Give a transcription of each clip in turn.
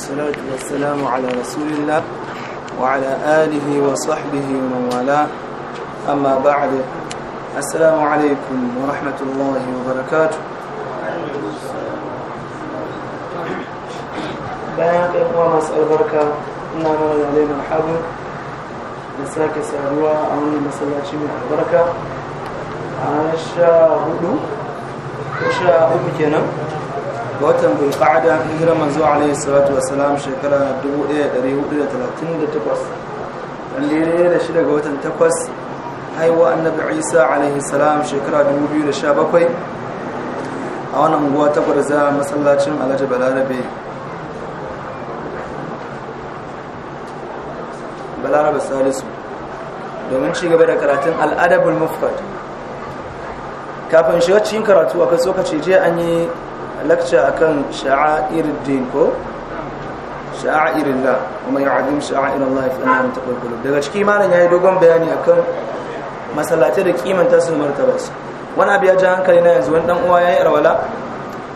والصلاة والسلام على رسول الله وعلى آله وصحبه ومن والاه أما بعد السلام عليكم ورحمة الله وبركاته بيانك إخوة مسأل إنا علينا نساك أولي البركة ga watan bil qa'ada hijira manzo alaihi salatu wassalam shekara 1438 lalle da shi daga watan takwas haihuwa annabi isa alaihi salam shekara 2017 a wannan unguwa ta gwarza masallacin alhaji balarabe balarabe salisu domin ci gaba da karatun al'adabul mufrad kafin shi wacce yin karatu a kai so ka ce je an yi lakca akan din ko sha'airillah kuma ya'azim sha'airallah fa inna taqabbal daga ciki malam yayi dogon bayani akan masallatai da kimanta su martaba su wani abu ya ji hankali na yanzu wani dan uwa yayi alwala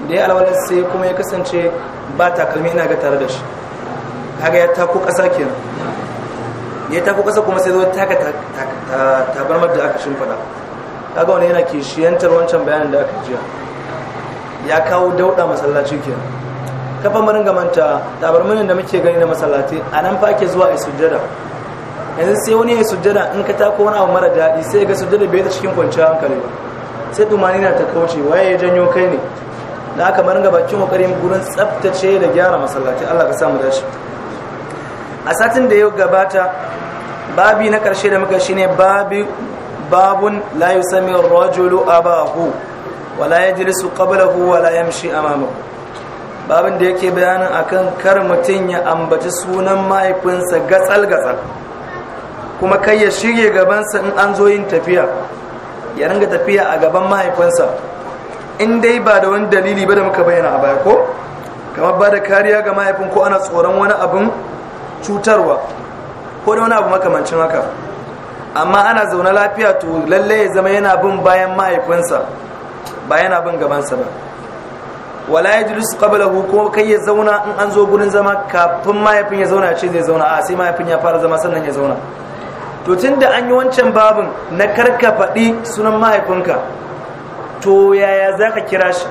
da ya alwala sai kuma ya kasance ba takalmi ina ga tare da shi kaga ya tako kasa kenan ya taku kasa kuma sai zo taka tabarmar da aka shimfada kaga wani yana kishiyantar wancan bayanin da aka jiya ya kawo dauɗa masallaci ke kafa mun ga manta tabarmin da muke gani na masallaci, a nan fa ke zuwa isujjada. sujjada yanzu sai wani ya sujjada in ka tako wani abu mara daɗi sai ga sujjada bai ta cikin kwanciyar hankali ba sai dumani na ta kauce waye ya janyo kai ne da aka maringa bakin kokarin gurin tsaftace da gyara masallaci Allah ka samu dace a satin da ya gabata babi na karshe da muka shine babi babun la yusami rajulu abahu wala yajlisu qablahu wala yamshi amamahu babin da yake bayanin akan kar mutum ya ambaci sunan mahaifinsa gatsal gatsal kuma kai ya shirya gabansa in an zo yin tafiya ya ringa tafiya a gaban mahaifinsa in dai ba da wani dalili ba da muka bayyana a baya ko kamar ba da kariya ga mahaifin ko ana tsoron wani abin cutarwa ko da wani abu makamancin haka amma ana zaune lafiya to lallai ya zama yana bin bayan mahaifinsa ba yana bin gabansa ba wala ya julus qablahu ko kai ya zauna in an zo gurin zama kafin mahaifin ya zauna ce zai zauna a sai mahaifin ya fara zama sannan ya zauna to tunda an yi wancan babin na karka faɗi sunan mahaifinka to yaya za ka kira shi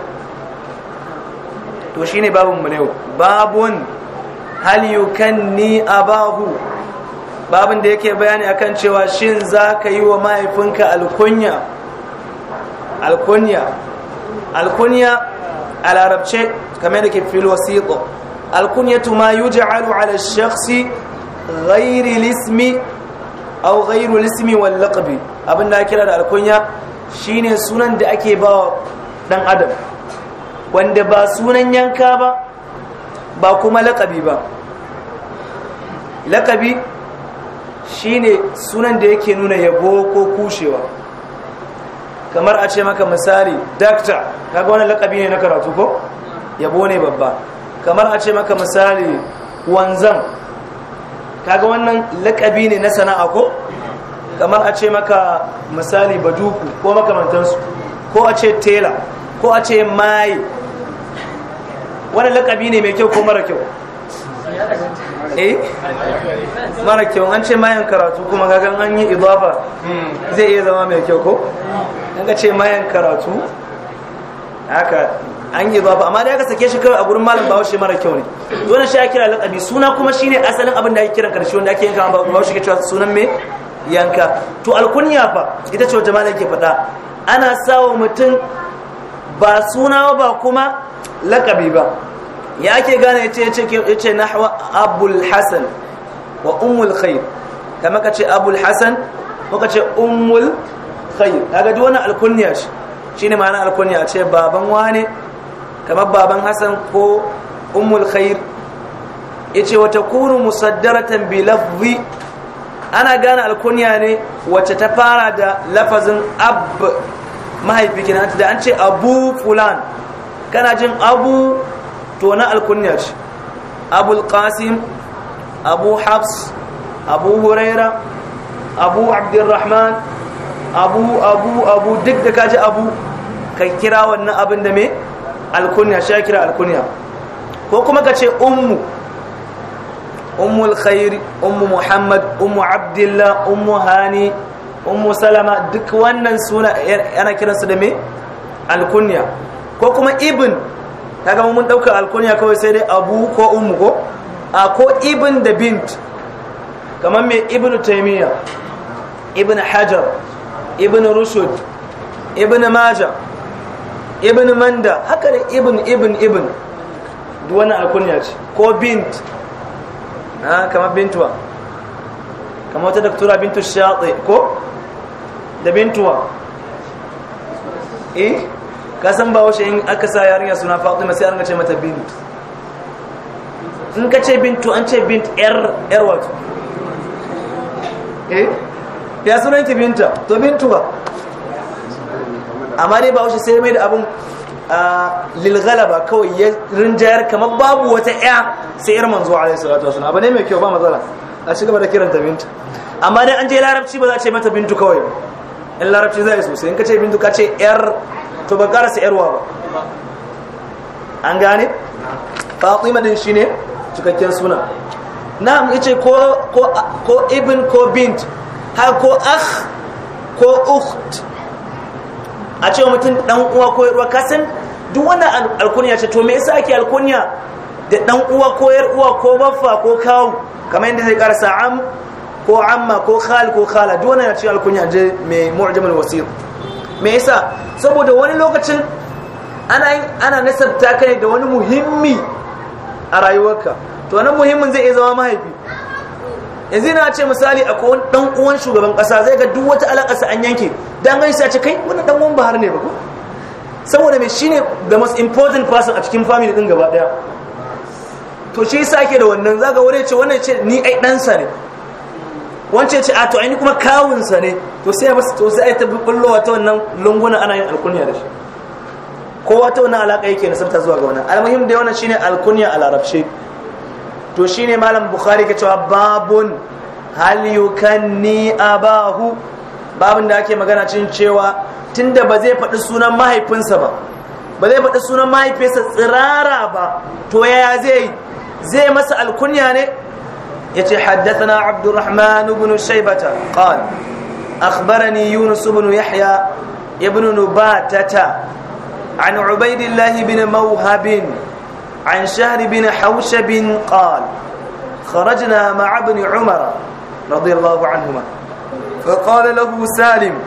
to shine babin mu ne babun hal yukanni abahu babin da yake bayani akan cewa shin za ka yi wa mahaifinka alkunya alkunya alkunya a larabce kamar da ke fil wasiqo alkunyatu ma yuj'alu ala shakhsi ghairi lismi aw ghairu lismi wal laqabi abin da kira da alkunya shine sunan da ake ba dan adam wanda ba sunan yanka ba ba kuma laqabi ba laqabi shine sunan da yake nuna yabo ko kushewa kamar a ce maka misali dakta kaga wani lakabi ne na karatu ko yabo ne babba kamar a ce maka misali wanzan kaga wannan lakabi ne na sana'a ko kamar a ce maka misali baduku ko makamantansu ko a ce tela ko a ce mai wani lakabi ne mai kyau ko mara kyau Eh? mara kyau an ce mayan karatu kuma kagan an yi idaba zai iya zama mai kyau ko an ce mayan karatu haka an yi idaba amma da ya ka sake shi kawai a gurin malam shi mara kyau ne dole shi ya kira lakabi suna kuma shi ne asalin abin da ya kiran karshe wanda ake yanka bahaushe ke cewa sunan mai yanka to alkunya fa ita ce wata malam ke faɗa ana sawa mutum ba suna ba kuma lakabi ba ya ake gane ita ya ce hawa abul hassan wa umul khair ta maka ce abul hassan maka ce ummul khair kaga duk wannan alkunya ce ne ma'ana alkunniya ce baban wane kamar baban Hassan ko ummul ya ce wata kuru musaddaratan bi lafzi ana gane alkunniya ne wacce ta fara da lafazin ab mahaifi kenan da an ce abu fulan kana jin abu to na alkunya ce abul qasim abu habs abu huraira abu abdurrahman abu abu abu duk da kaji abu ka kira wannan abin da me alkunya shi kira alkunya ko kuma ka ce ummu ummu ummu muhammad ummu abdullah ummu hani ummu salama duk wannan suna ana kiransu da me alkunya ko kuma ibn kaga mun dauka alkunya kawai sai dai abu ko ummu ko a ko ibn da bint kamar mai ibn taymiya ibn hajar ibn rushd ibn majah ibn manda haka ne ibn ibn ibn duk wannan alkunya ce ko bint ha kamar bintuwa kamar wata daktura bintu shaɗi ko da bintuwa eh ka san ba washe in aka sa yarinya suna fatima sai an ga ce mata bint in ka ce Bintu an ce bint yar yar wato eh ya sunan ki binta to bintu ba amma dai ba washe sai mai da abun lilgalaba kawai ya rinjayar kamar babu wata ya sai yar manzo alaihi salatu wasallam abu ne mai kyau ba matsala a shiga gaba da kiranta bintu amma dai an je larabci ba za a ce mata bintu kawai in larabci zai sosai in ka ce bintu ka ce yar to ba karasa yarwa ba an gane fatima din ne cikakken suna na'am yace ko ko ko ibn ko bint har ko akh ko ukht a cewa mutum dan uwa ko yarwa kasan duk wannan alkunya ce to me yasa ake alkunya da dan uwa ko yar uwa ko baffa ko kawu kamar yadda zai karsa am ko amma ko khal ko khala duk wannan ya ce alkunya je mai mu'jamul wasit me yasa saboda wani lokacin ana ana nasabta ka ne da wani muhimmi a rayuwarka to wannan muhimmin zai iya zama mahaifi yanzu na ce misali akwai dan uwan shugaban kasa zai ga duk wata sa an yanke dan gani sai ce kai wannan dan uwan Bahar ne ba ko saboda me shine the most important person a cikin family din gaba daya to shi yasa yake da wannan zaga wani ce wannan ce ni ai dan sa ne wance ce a to aini kuma kawunsa ne to sai ya basu tosai ai ta wata wannan lunguna ana yin alkunya da shi ko wata wannan alaƙa yake na nasabta zuwa ga wannan almuhim da wannan shine alkunya a larabci to shine malam bukhari ke cewa babun hal yukanni abahu babun da ake magana cin cewa tunda ba zai faɗi sunan mahaifinsa ba ba zai faɗi sunan mahaifinsa tsirara ba to yaya zai zai masa alkunya ne يتي حدثنا عبد الرحمن بن شيبة قال أخبرني يونس بن يحيى ابن نباتة عن عبيد الله بن موهب عن شهر بن حوشب قال خرجنا مع ابن عمر رضي الله عنهما فقال له سالم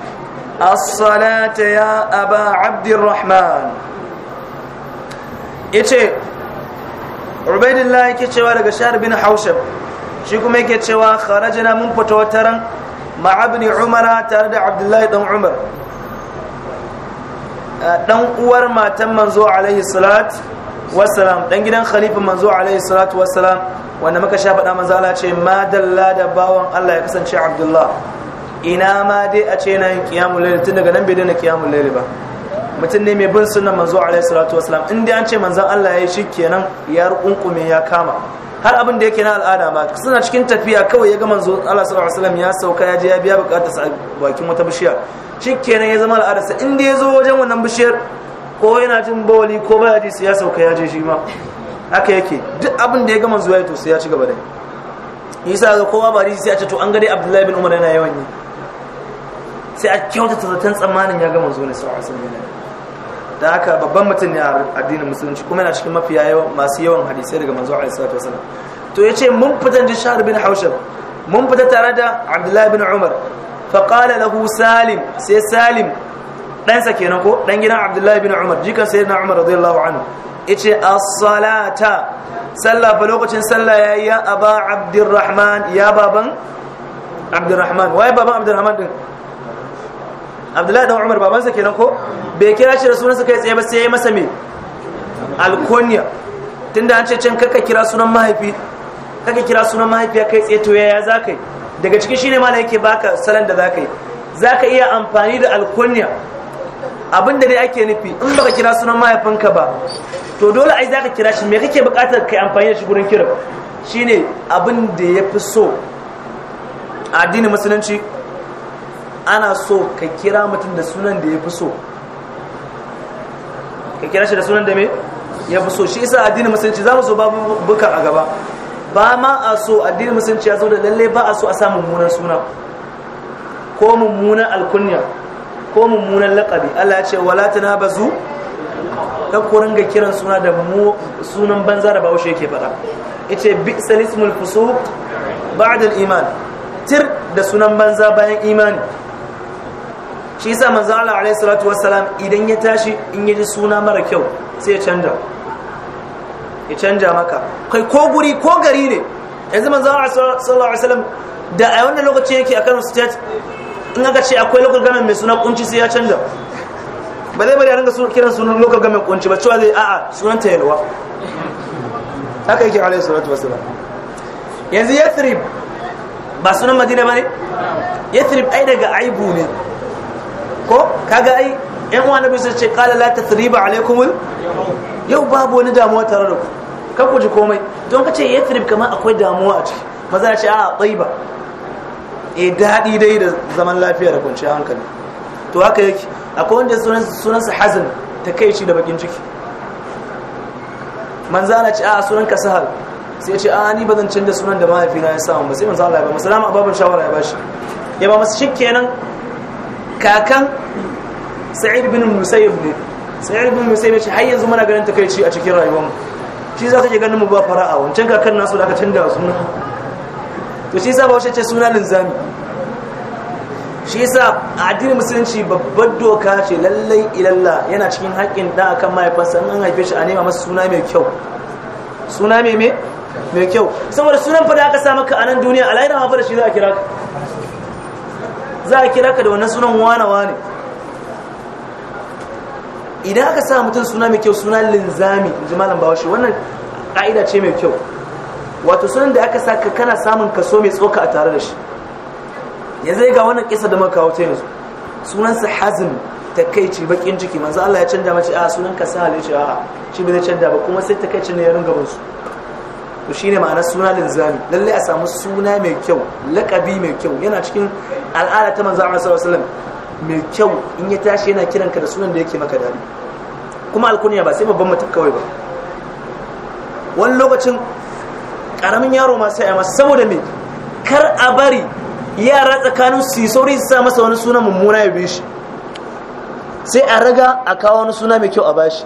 الصلاة يا أبا عبد الرحمن يتي عبيد الله كتشوى لك شهر بن حوشب shi kuma yake cewa kharajina mun fito wataran ma'abni umara tare da abdullahi dan umar dan uwar matan manzo alaihi salat wassalam dan gidan khalifa manzo alaihi salatu wassalam wanda muka sha faɗa manzo Allah ce ma dalla da bawan Allah ya kasance Abdullahi, ina ma dai a ce yana yin layl tun daga nan bai daina kiyamul layl ba mutum ne mai bin sunnan manzo alaihi salatu wassalam in dai an ce manzon Allah ya yi shi kenan ya rukunkume ya kama har abin da yake na al'ada ma suna cikin tafiya kawai ya ga manzo Allah sallallahu alaihi wasallam ya sauka ya je ya biya bukatar sa bakin wata bishiya shikenan ya zama al'ada sa inda ya zo wajen wannan bishiyar ko yana jin bawali ko baya ji ya sauka ya je shi ma haka yake duk abin da ya ga manzo ya to sai ya ci gaba da yi ga kowa ba sai a ce to an ga dai Abdullahi bin Umar yana yawan ne sai a kyautata zaton tsammanin ya ga manzo ne sallallahu alaihi wasallam da haka babban mutum ne a addinin musulunci kuma yana cikin mafiya masu yawan hadisai daga manzo alaihi salatu wasallam to yace mun fitan da shahr bin haushab mun fita tare da abdullahi bin umar fa qala lahu salim sai salim dan sa kenan ko dan gidan abdullahi bin umar jikan sayyidina umar radiyallahu anhu yace as-salata sallah fa lokacin sallah yayi ya aba abdurrahman ya baban abdurrahman wai baban abdurrahman din abdullahi dan umar babansa kenan ko bai kira shi da sunansa kai tsaye ba sai ya masa me alkunya tunda an ce can kaka kira sunan mahaifi kaka kira sunan mahaifi kai tsaye to yaya za ka yi daga cikin shine ma yake baka salon da za ka yi za ka iya amfani da alkunya abin da dai ake nufi in baka kira sunan mahaifinka ba to dole ai za ka kira shi me kake bukatar kai amfani da shi gurin kira shine abin da ya fi so addinin musulunci ana so ka kira mutum da sunan da ya fi so ka kira shi da sunan da me ya fi so shi isa addinin musulunci za mu so babu bukar a gaba ba ma a so addinin musulunci ya zo da lalle ba a so a sa mummunan suna ko mummunan alkunya ko mummunan laƙabi Allah ya ce wala tanabazu ta kurin ga kiran suna da mu sunan banza da bahaushe yake faɗa yace bi salismul fusuq ba'da al-iman tir da sunan banza bayan imani shi yasa manzo Allah alaihi salatu wassalam idan ya tashi in yaji suna mara kyau sai ya canja ya canja maka kai ko guri ko gari ne yanzu manzo Allah sallallahu alaihi wasallam da a wannan lokaci yake a Kano state in aka ce akwai local government mai suna kunci sai ya canja ba zai bari a ringa kiran sunan local government kunci ba cewa zai a'a sunan ta yalwa haka yake alaihi salatu wassalam yanzu yathrib ba sunan madina bane yathrib ai daga aibu ne ko kaga ai yan wani bisa ce kala la tathriba alaikum yau babu wani damuwa tare da ku kan ku ji komai don ka ce yathrib kamar akwai damuwa a ciki maza ce a taiba e eh, daɗi dai da zaman lafiya da kwanciyar hankali to haka yake akwai wanda sunansa hazin ta kai shi da bakin ciki manzana ce a ka sahal sai ce a ni ba zan canza sunan da mahaifina ya samu ba sai manzo Allah ya ba mu salama ababun shawara ya bashi ya ba masu shikenan kakan sa'id bin musayyib ne sa'id bin musayyib shi ce har yanzu muna ganin takaici a cikin rayuwarmu shi za ta ke ganin mu ba fara'a wancan kakan nasu da aka canza suna to shi sa ba wace ce suna linzami shi sa addinin musulunci babbar doka ce lallai ilalla yana cikin haƙƙin da akan mahaifarsa in an haife shi a nema masa suna mai kyau suna mai mai kyau saboda sunan fa da aka sa maka a nan duniya a ma fa da shi za a kira ka za a kira ka da wannan sunan wanawa ne. idan aka sa mutum suna mai kyau suna linzami in ji bawashi wannan ƙa'ida ce mai kyau wato sunan da aka saka kana samun kaso mai tsoka a tare da shi yanzu ga wannan kisa da muka kawo ta yanzu sunansa hazm takaici bakin ciki manzo Allah ya canja mace a sunan ka sa ya shi a shi bai canja ba kuma sai takaicin ne ya ringa bin to shine ma'anar suna linzami lalle a samu suna mai kyau lakabi mai kyau yana cikin al'ada ta manzo Allah sallallahu alaihi mai kyau in ya tashi yana kiran ka da sunan da yake maka dadi kuma alkunya ba sai babban mutum kawai ba wani lokacin karamin yaro masu sai a saboda me kar a bari yara tsakanin su yi sauri su sa masa wani suna mummuna ya bishi, sai a raga a kawo wani suna mai kyau a bashi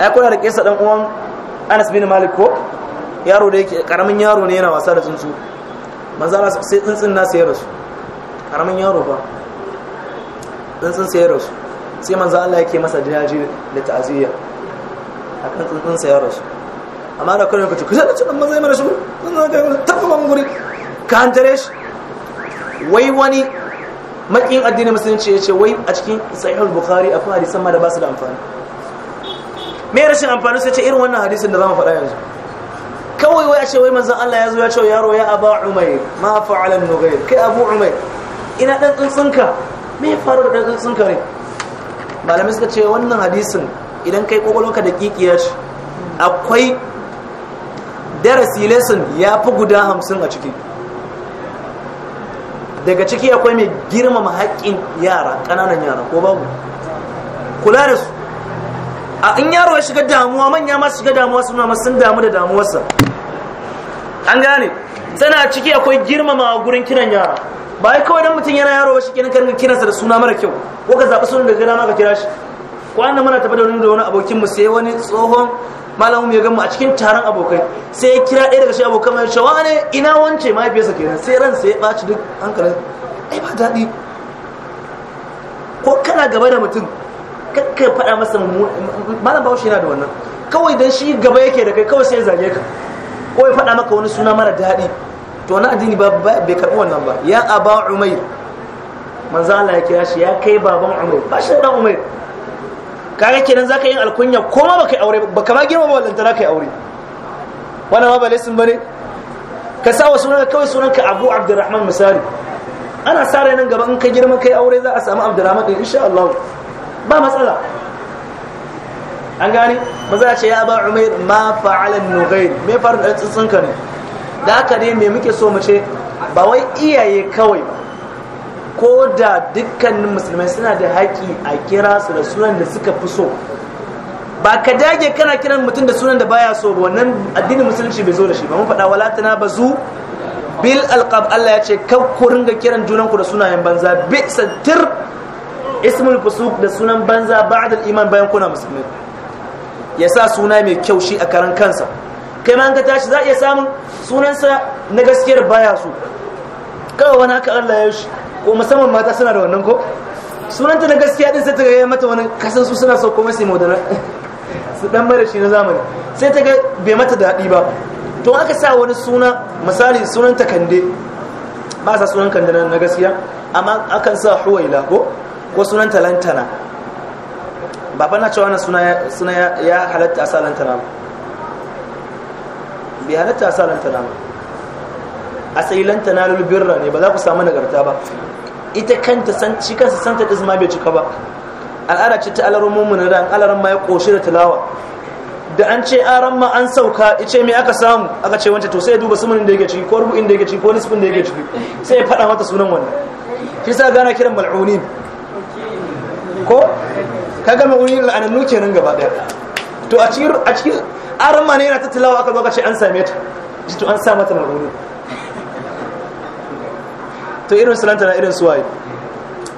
ai kuna da kesa dan uwan Anas bin Malik ko yaro da yake karamin yaro ne yana wasa da tsuntsu manzala sai tsuntsun na sayar su. karamin yaro ba tsuntsun sayar su. sai manzo Allah yake masa jaji da ta'aziyya akan tsuntsun sayar su. amma da kullum kace kusa da tsuntsun manzo mai rasu tsuntsun da tafi ban guri ka hantare shi wai wani makin addinin musulunci ya ce wai a cikin sahihul bukhari akwai hadisan ma da ba su da amfani me rashin amfani sai ce irin wannan hadisin da zamu faɗa yanzu kawai wai a ce wai manzan Allah ya zo ya ce yaro ya aba umai ma fa'alan nugair kai abu umai ina dan tsuntsunka me ya faru da dan tsuntsunka ne malamai suka ce wannan hadisin idan kai kwakwalwarka da ce. akwai darasi lesson ya fi guda hamsin a ciki daga ciki akwai mai girmama haƙƙin yara ƙananan yara ko babu kula da su a in yaro ya shiga damuwa manya ma shiga damuwa suna masu damu da damuwarsa an gane sana ciki akwai a gurin kiran yara ba ya kawai dan mutum yana yaro ba shi kenan karnin kiransa da suna mara kyau ko ka zaɓi sunan da gana ma ka kira shi kwanan muna tafi da wani da wani abokin mu sai wani tsohon malamu ya gamu a cikin taron abokai sai ya kira ɗaya daga shi abokan mai shawa ne ina wance mahaifiyarsa kenan sai ran sai ya ɓaci duk hankalin ai ba daɗi ko kana gaba da mutum kakka faɗa masa malam bahaushe yana da wannan kawai dan shi gaba yake da kai kawai sai ya zage ka ko ya faɗa maka wani suna mara daɗi to na addini bai karɓi wannan ba ya aba umair manzo Allah ya kira shi ya kai baban umair ba shi dan umair kaga kenan zaka yin alkunya ko ma baka aure ba kama girma ba wallan zaka yi aure wannan ma ba sun bane ka sa wa sunan kawai sunan ka Abu Abdurrahman misali ana sa nan gaba in ka girma kai aure za a samu Abdurrahman din insha Allah ba matsala an gane maza ce ya ba umair ma fa'ala nughair me fara da tsitsin ka ne da haka ne me muke so mu ce ba wai iyaye kawai ko da dukkanin musulmai suna da haƙi a kira su da sunan da suka fi so ba ka dage kana kiran mutum da sunan da baya so ba wannan addinin musulunci bai zo da shi ba mun faɗa wala tana bazu bil alqab Allah ya ce kan ku ringa kiran junanku da sunayen banza bi satir ismul fusuk da sunan banza ba'da al iman bayan kuna musulmai ya sa suna mai kyau shi a karan kansa kai ma ka tashi za a iya samun sunansa na gaskiyar baya su kawai wani haka Allah ya shi ko musamman mata suna da wannan ko sunanta na gaskiya din sai ta ga mata wani kasan su suna so kuma mu modana su dan mara shi na zamani sai ta ga bai mata daɗi ba to aka sa wani suna misali sunanta kande ba sa sunan kande na gaskiya amma akan sa huwaila ko ko sunanta lantana baba na cewa suna suna ya halatta a salanta ta nama bai halatta a salanta ta nama asali lan tanalul birra ne ba za ku samu nagarta ba ita kanta san shi kansa santa ta zama bai cika ba al'ada ce ta alarar mummunan da, alarar ma ya koshi da tilawa da an ce aran ma an sauka ice me aka samu aka ce wancan to sai duba sumanin da yake ciki ko rubu'in da yake ciki ko nisfin da yake ciki sai ya faɗa mata sunan wannan shi sa gana kiran mal'unin ko kaga mai wuri la'anannu kenan gaba daya to a cikin a cikin aran ma ne yana tattalawa aka lokaci an same ta shi to an sa mata marhunu to irin sunanta na irin suwaye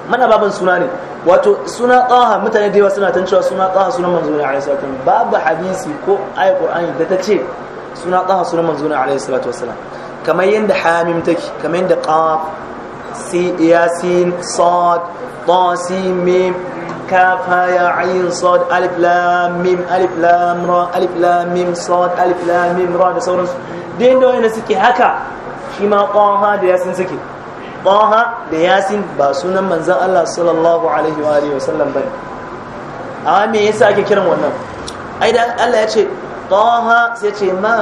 mana baban suna ne wato suna tsaha mutane da yawa suna tancewa suna tsaha sunan manzo ne alayhi salatu babu hadisi ko ayi qur'ani da ta ce suna tsaha sunan manzo ne alayhi salatu wasallam kamar yanda hamim take kamar yanda qaf si yasin sad ta si mim كاف يا عين صاد ألف لام ميم ألف لام را ألف لام ميم صاد ألف لام ميم را da sauransu din da wanda suke haka shi ma da yasin suke ƙwaha da yasin ba sunan manzan Allah sallallahu alaihi wa alihi wasallam me yasa ake kiran wannan ai dan Allah ya ce طه سيتي ما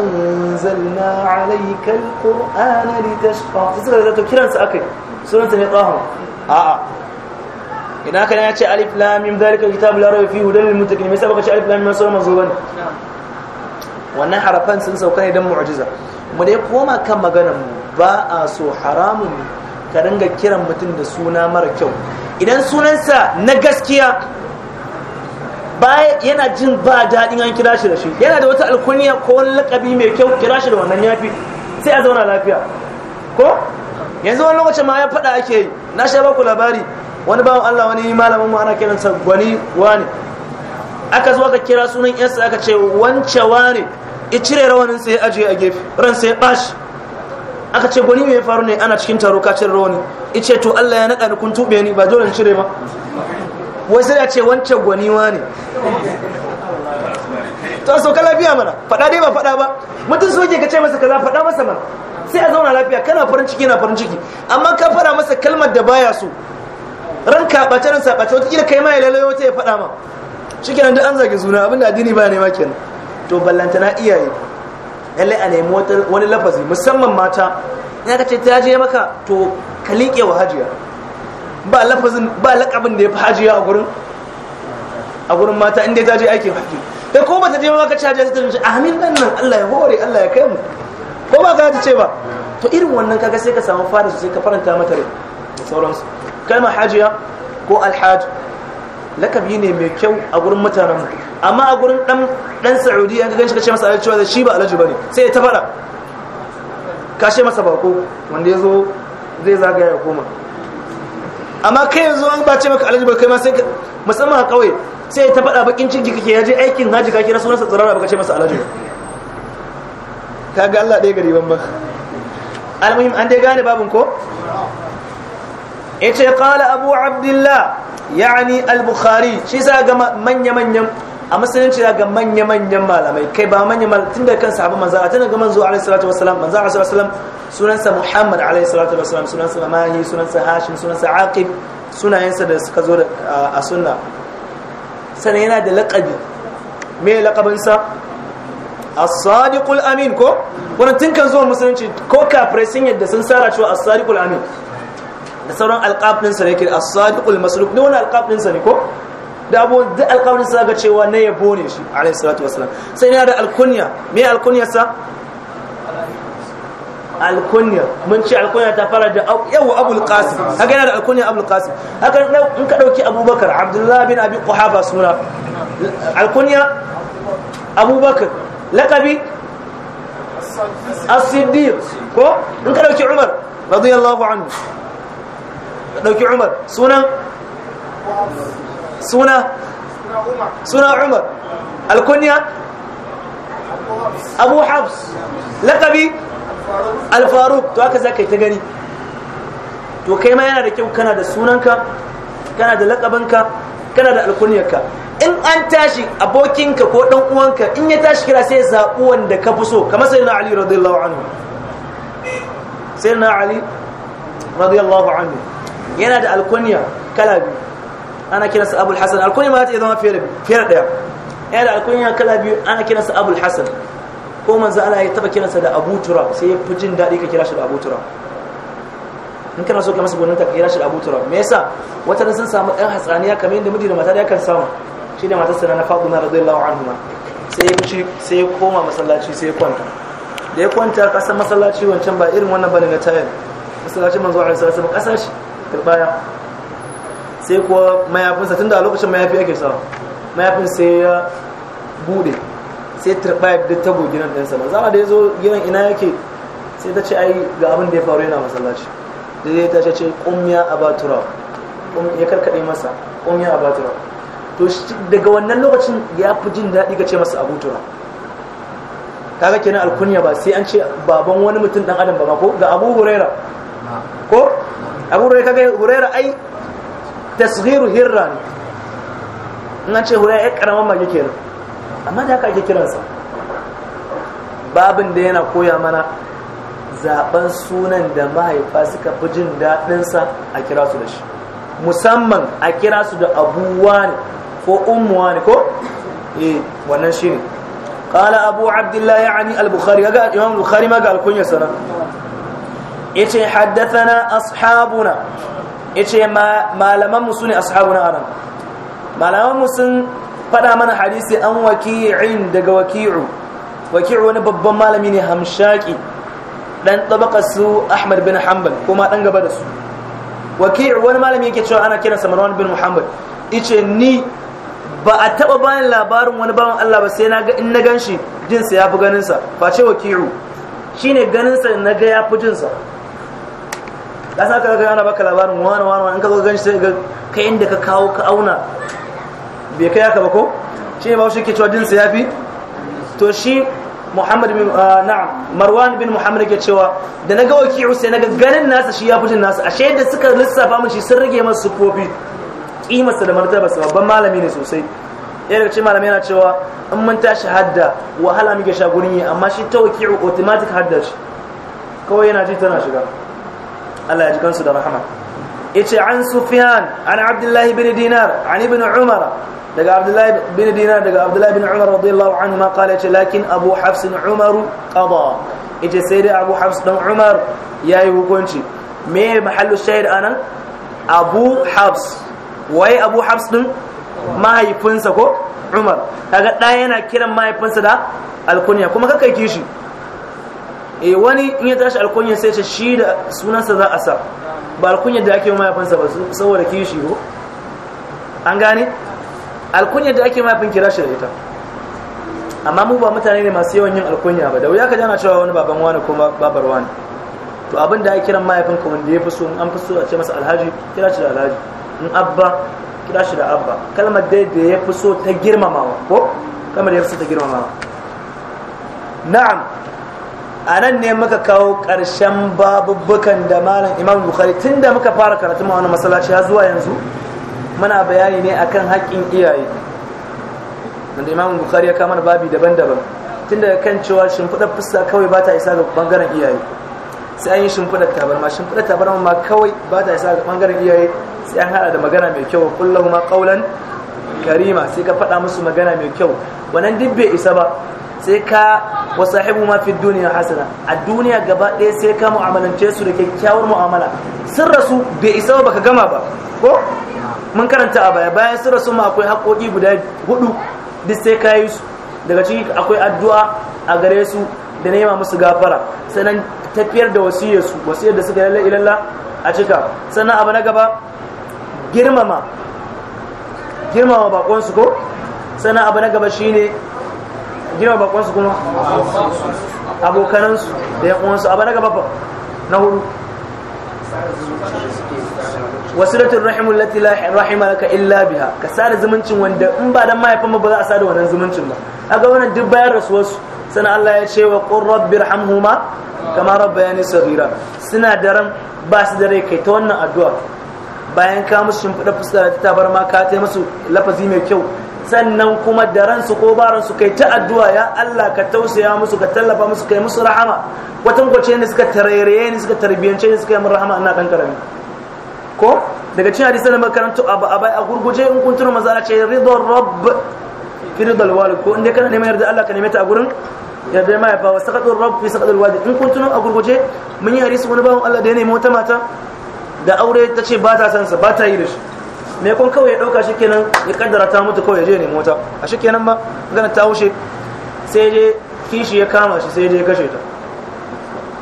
أنزلنا عليك القرآن لتشقى تسأل ذاته كيران سأكل سورة طه آه idan aka yace ce alif lam mim zalika kitab la rayba fihi hudal lil muttaqin me sabaka ce alif lam mim sauran mazuban wannan harafan sun sauka ne dan mu'jiza mu dai koma kan maganar mu ba a so haramun ka ringa kiran mutum da suna mara kyau idan sunansa na gaskiya baya yana jin ba daɗin an kira shi da shi yana da wata alkuniya ko wani lakabi mai kyau kira shi da wannan yafi sai a zauna lafiya ko yanzu wani lokacin ma ya faɗa ake yi na sha baku labari wani bawan Allah wani malamin mu ana kiransa gwani wani aka zo aka kira sunan yansa aka ce wance wani ya cire rawanin sai ya ajiye a gefe ran sai ya bashi aka ce gwani me ya faru ne ana cikin taro ka cire rawani ya ce to Allah ya naɗa ni kun tuɓe ni ba dole in cire ba wai sai ya ce wance gwani wani to so ka lafiya mana faɗa dai ba faɗa ba mutum soke ke ka ce masa kaza faɗa masa mana sai a zauna lafiya kana farin ciki yana farin ciki amma ka faɗa masa kalmar da baya so ran kaɓace ran saɓace wata kai ma ya lalayo wata ya faɗa ma shi kenan duk an zage suna abinda addini ba ma kenan to ballanta na iyaye lalle a nemi wani lafazi musamman mata in aka ce ta je maka to ka liƙe wa hajiya ba lafazin ba laƙabin da ya fi hajiya a gurin a gurin mata inda ta je aiki haji da ko bata je maka ka je ta ce amin nan nan Allah ya hore Allah ya kai mu ko ba ka ta ce ba to irin wannan kaga sai ka samu fara sai ka faranta mata rai da sauransu kalmar hajiya ko alhaji lakabi ne mai kyau a gurin mutanenmu amma a gurin dan saudiya ga ganshi kace masa alhaji cewa shi ba alhaji bane sai ya tafara ka kashe masa bako wanda ya zo zai zagaya ya koma amma kai yanzu an ba ce maka alhaji ba kai ma sai musamman a kauye sai ya ta bakin ciki kake ya je aikin haji kake na sunansa tsirara ka ce masa alhaji ka ga Allah ɗaya gariban ban ba almuhim an dai gane babin ko yace qala abu abdullah yani al-bukhari shi sa ga manya manyan a musulunci ga manya manyan malamai kai ba manya malamai tunda kan sahabu manzo tunda ga manzo alaihi salatu wassalam manzo alaihi salatu wassalam sunansa muhammad alaihi salatu wassalam sunansa mahi sunansa hashim sunansa aqib sunayensa da suka zo a sunna sanan yana da laƙabi me laƙabinsa as-sadiqul amin ko wannan tun kan zo musulunci ko kafirai sun yadda sun sara cewa as-sadiqul amin da sauran alqab sa ne yake as-sadiqul masluq ne wannan alqab sa ne ko da abu da alqab sa ga cewa na yabo ne shi alayhi salatu wasalam sai yana da alkunya me alkunya sa alkunya mun ce alkunya ta fara da yawa abul qasim haka yana da alkunya abul qasim haka in ka dauki abubakar abdullahi bin abi quhafa suna alkunya abubakar laqabi as-siddiq ko in ka dauki umar radiyallahu anhu Dauki umar suna suna suna umar alkunya abu habs lakabi alfaruk to haka za ta gani to kai ma yana da kyau kana da sunanka kana da laqabanka kana da alkunyarka in an tashi abokinka ko dan uwanka in ya tashi kira sai ya zaɓi wanda ka fi so kamar sayyidina ali radiyallahu anhu sayyidina ali radiyallahu anhu yana da alkunya kala biyu ana kiransa abul hasan alkunya ma ta zama fiye da daya yana da alkunya kala biyu ana kiransa abul hasan ko manzo Allah ya taba kiransa da abu turab sai ya fi jin daɗi ka kira shi da abu turab in kana so ka masa gonanta ka kira shi da abu turab me yasa wata da sun samu ɗan hatsaniya kamar yadda miji da mata da yakan samu shi da matarsa na fatima radiyallahu anhuma sai ya fice sai ya koma masallaci sai ya kwanta da ya kwanta kasan masallaci wancan ba irin wannan bane na tayar masallaci manzo Allah sallallahu alaihi wasallam shi turbaya sai kuwa mayafinsa da a lokacin mayafi ake sa mayafin sai ya bude sai turbaya da ta gogi nan ɗinsa ba za a da ya zo gidan ina yake sai ta ce ai ga abin da ya faru yana masallaci da zai ta ce kumya a batura ya karkaɗe masa kumya a batura to daga wannan lokacin ya fi jin daɗi ka ce masa abu tura kaga kenan alkunya ba sai an ce baban wani mutum ɗan adam ba ma ko ga abu huraira ko abu huraira kaga huraira ai tasghiru hirra ne in ce hurera ai karaman mage kenan amma da haka ake kiransa babin da yana koya mana zaben sunan da mahaifa suka fi jin daɗinsa a kira su da shi musamman a kira su da abuwa ne ko umuwa ne ko eh wannan shine qala abu abdullahi ya'ani al-bukhari ga imam bukhari ma ga al-kunya sana yace haddathana ashabuna yace malaman mu sune ashabuna anan malaman mu sun fada mana hadisi an waki'in daga waki'u waki'u wani babban malami ne hamshaki dan tabaka su ahmad bin hanbal kuma dan gaba da su waki'u wani malami yake cewa ana kiransa marwan bin muhammad yace ni ba a taba bayan labarin wani bawan Allah ba sai na ga in na ganshi jinsa ya fi ganinsa ba ce waki'u shine ganinsa na ga ya fi jinsa ka san aka ga baka labarin wani wani wani in ka zo ganin sai ga kai inda ka kawo ka auna bai kai haka ba ko shi ne shi ke cewa sa ya fi to shi muhammad bin ah, na'am marwan bin muhammad ke cewa da na ga waki'u sai na ganin nasa shi ya fi nasa ashe da suka lissafa mun shi sun rage masa sufofi kimarsa da sa babban malami ne sosai yana daga malami yana cewa in mun tashi hadda wahala muke sha gurin yi amma shi ta waki'u automatic hadda kawai yana ji tana shiga Allah ya jikansu da rahama yace an sufyan an abdullahi bin dinar an ibn umar daga abdullahi bin dinar daga abdullahi bin umar radiyallahu anhu ma qala yace lakin abu hafs umar qada yace sai dai abu hafs dan umar yayi hukunci me mahallu shahid ana abu hafs wai abu hafs din mahaifinsa ko umar kaga da yana kiran mahaifinsa da alkunya kuma kakai kishi eh wani in ya tashi alkunya sai ce shi da sunansa za a sa ba alkunyar da ake mahaifinsa ba saboda kishi ko an gane alkunyar da ake mahaifin kira shi da ita amma mu ba mutane ne masu yawan yin alkunya ba da wuya ka jana cewa wani baban wani ko babar wani to abin da ya kiran mahaifinka wanda ya fi so an fi so a ce masa alhaji kira shi da alhaji in abba kira shi da abba kalmar dai da ya fi so ta girmamawa ko kalmar da ya fi so ta girmamawa na'am a nan ne muka kawo ƙarshen babubukan da malam imam bukhari tun da muka fara karatu ma wani masalaci har zuwa yanzu muna bayani ne akan haƙƙin iyaye wanda imam bukhari ya kama babi daban-daban tun daga kan cewa shimfiɗar fuska kawai ba ta isa ga ɓangaren iyaye sai an yi shimfiɗar tabarma shimfiɗar tabarma ma kawai ba ta isa ga ɓangaren iyaye sai an haɗa da magana mai kyau kullum ma ƙaulan karima sai ka faɗa musu magana mai kyau wannan duk bai isa ba sai ka wa sahibu ma fi duniya hasana a duniya gaba ɗaya sai ka mu'amalance su da kyakkyawar mu'amala sun rasu bai isa ba ka gama ba ko mun karanta a baya bayan sun rasu ma akwai haƙoƙi guda hudu duk sai ka yi su daga ciki akwai addu'a a gare su da nema musu gafara sannan tafiyar da su wasiyar da suka lalla ilalla a cika sannan abu na gaba girmama girmama su ko sannan abu na gaba shine gina bakwansu kuma abokanansu da ya uwansu abu na gaba na hudu wasilatul rahimun lati rahima illa biha ka sada zumuncin wanda in ba dan mahaifin ba za a sada wannan zumuncin ba ga wannan duk bayan rasuwarsu sana Allah ya ce wa kamar rabba ya nisa rira suna daren ba su da rai kai ta wannan addu'a bayan ka musu shimfiɗa fuskar ta bar ma ka ta lafazi mai kyau sannan kuma da ransu ko baransu kai ta addu'a ya Allah ka tausaya musu ka tallafa musu kai musu rahama gwace ne suka tarairaye ne suka tarbiyance ne suka yi min rahama ina dan karami ko daga cikin hadisi na makarantu abu abai a gurguje in kun tuna maza ce ridon rabb fi ridwan walid ko inda kana neman yarda Allah ka neme ta a gurin yarda bai ya fa wa saqatul rabb fi saqatul walid in kun tuna a gurguje mun yi hadisi wani bawon Allah da ya nemi wata mata da aure ta ce ba ta san sa ba ta yi da shi me kun kawai ya dauka shikenan ya kaddara ta mutu kawai ya je nemi wata a shikenan ba gana ta wuce sai je kishi ya kama shi sai je ya kashe ta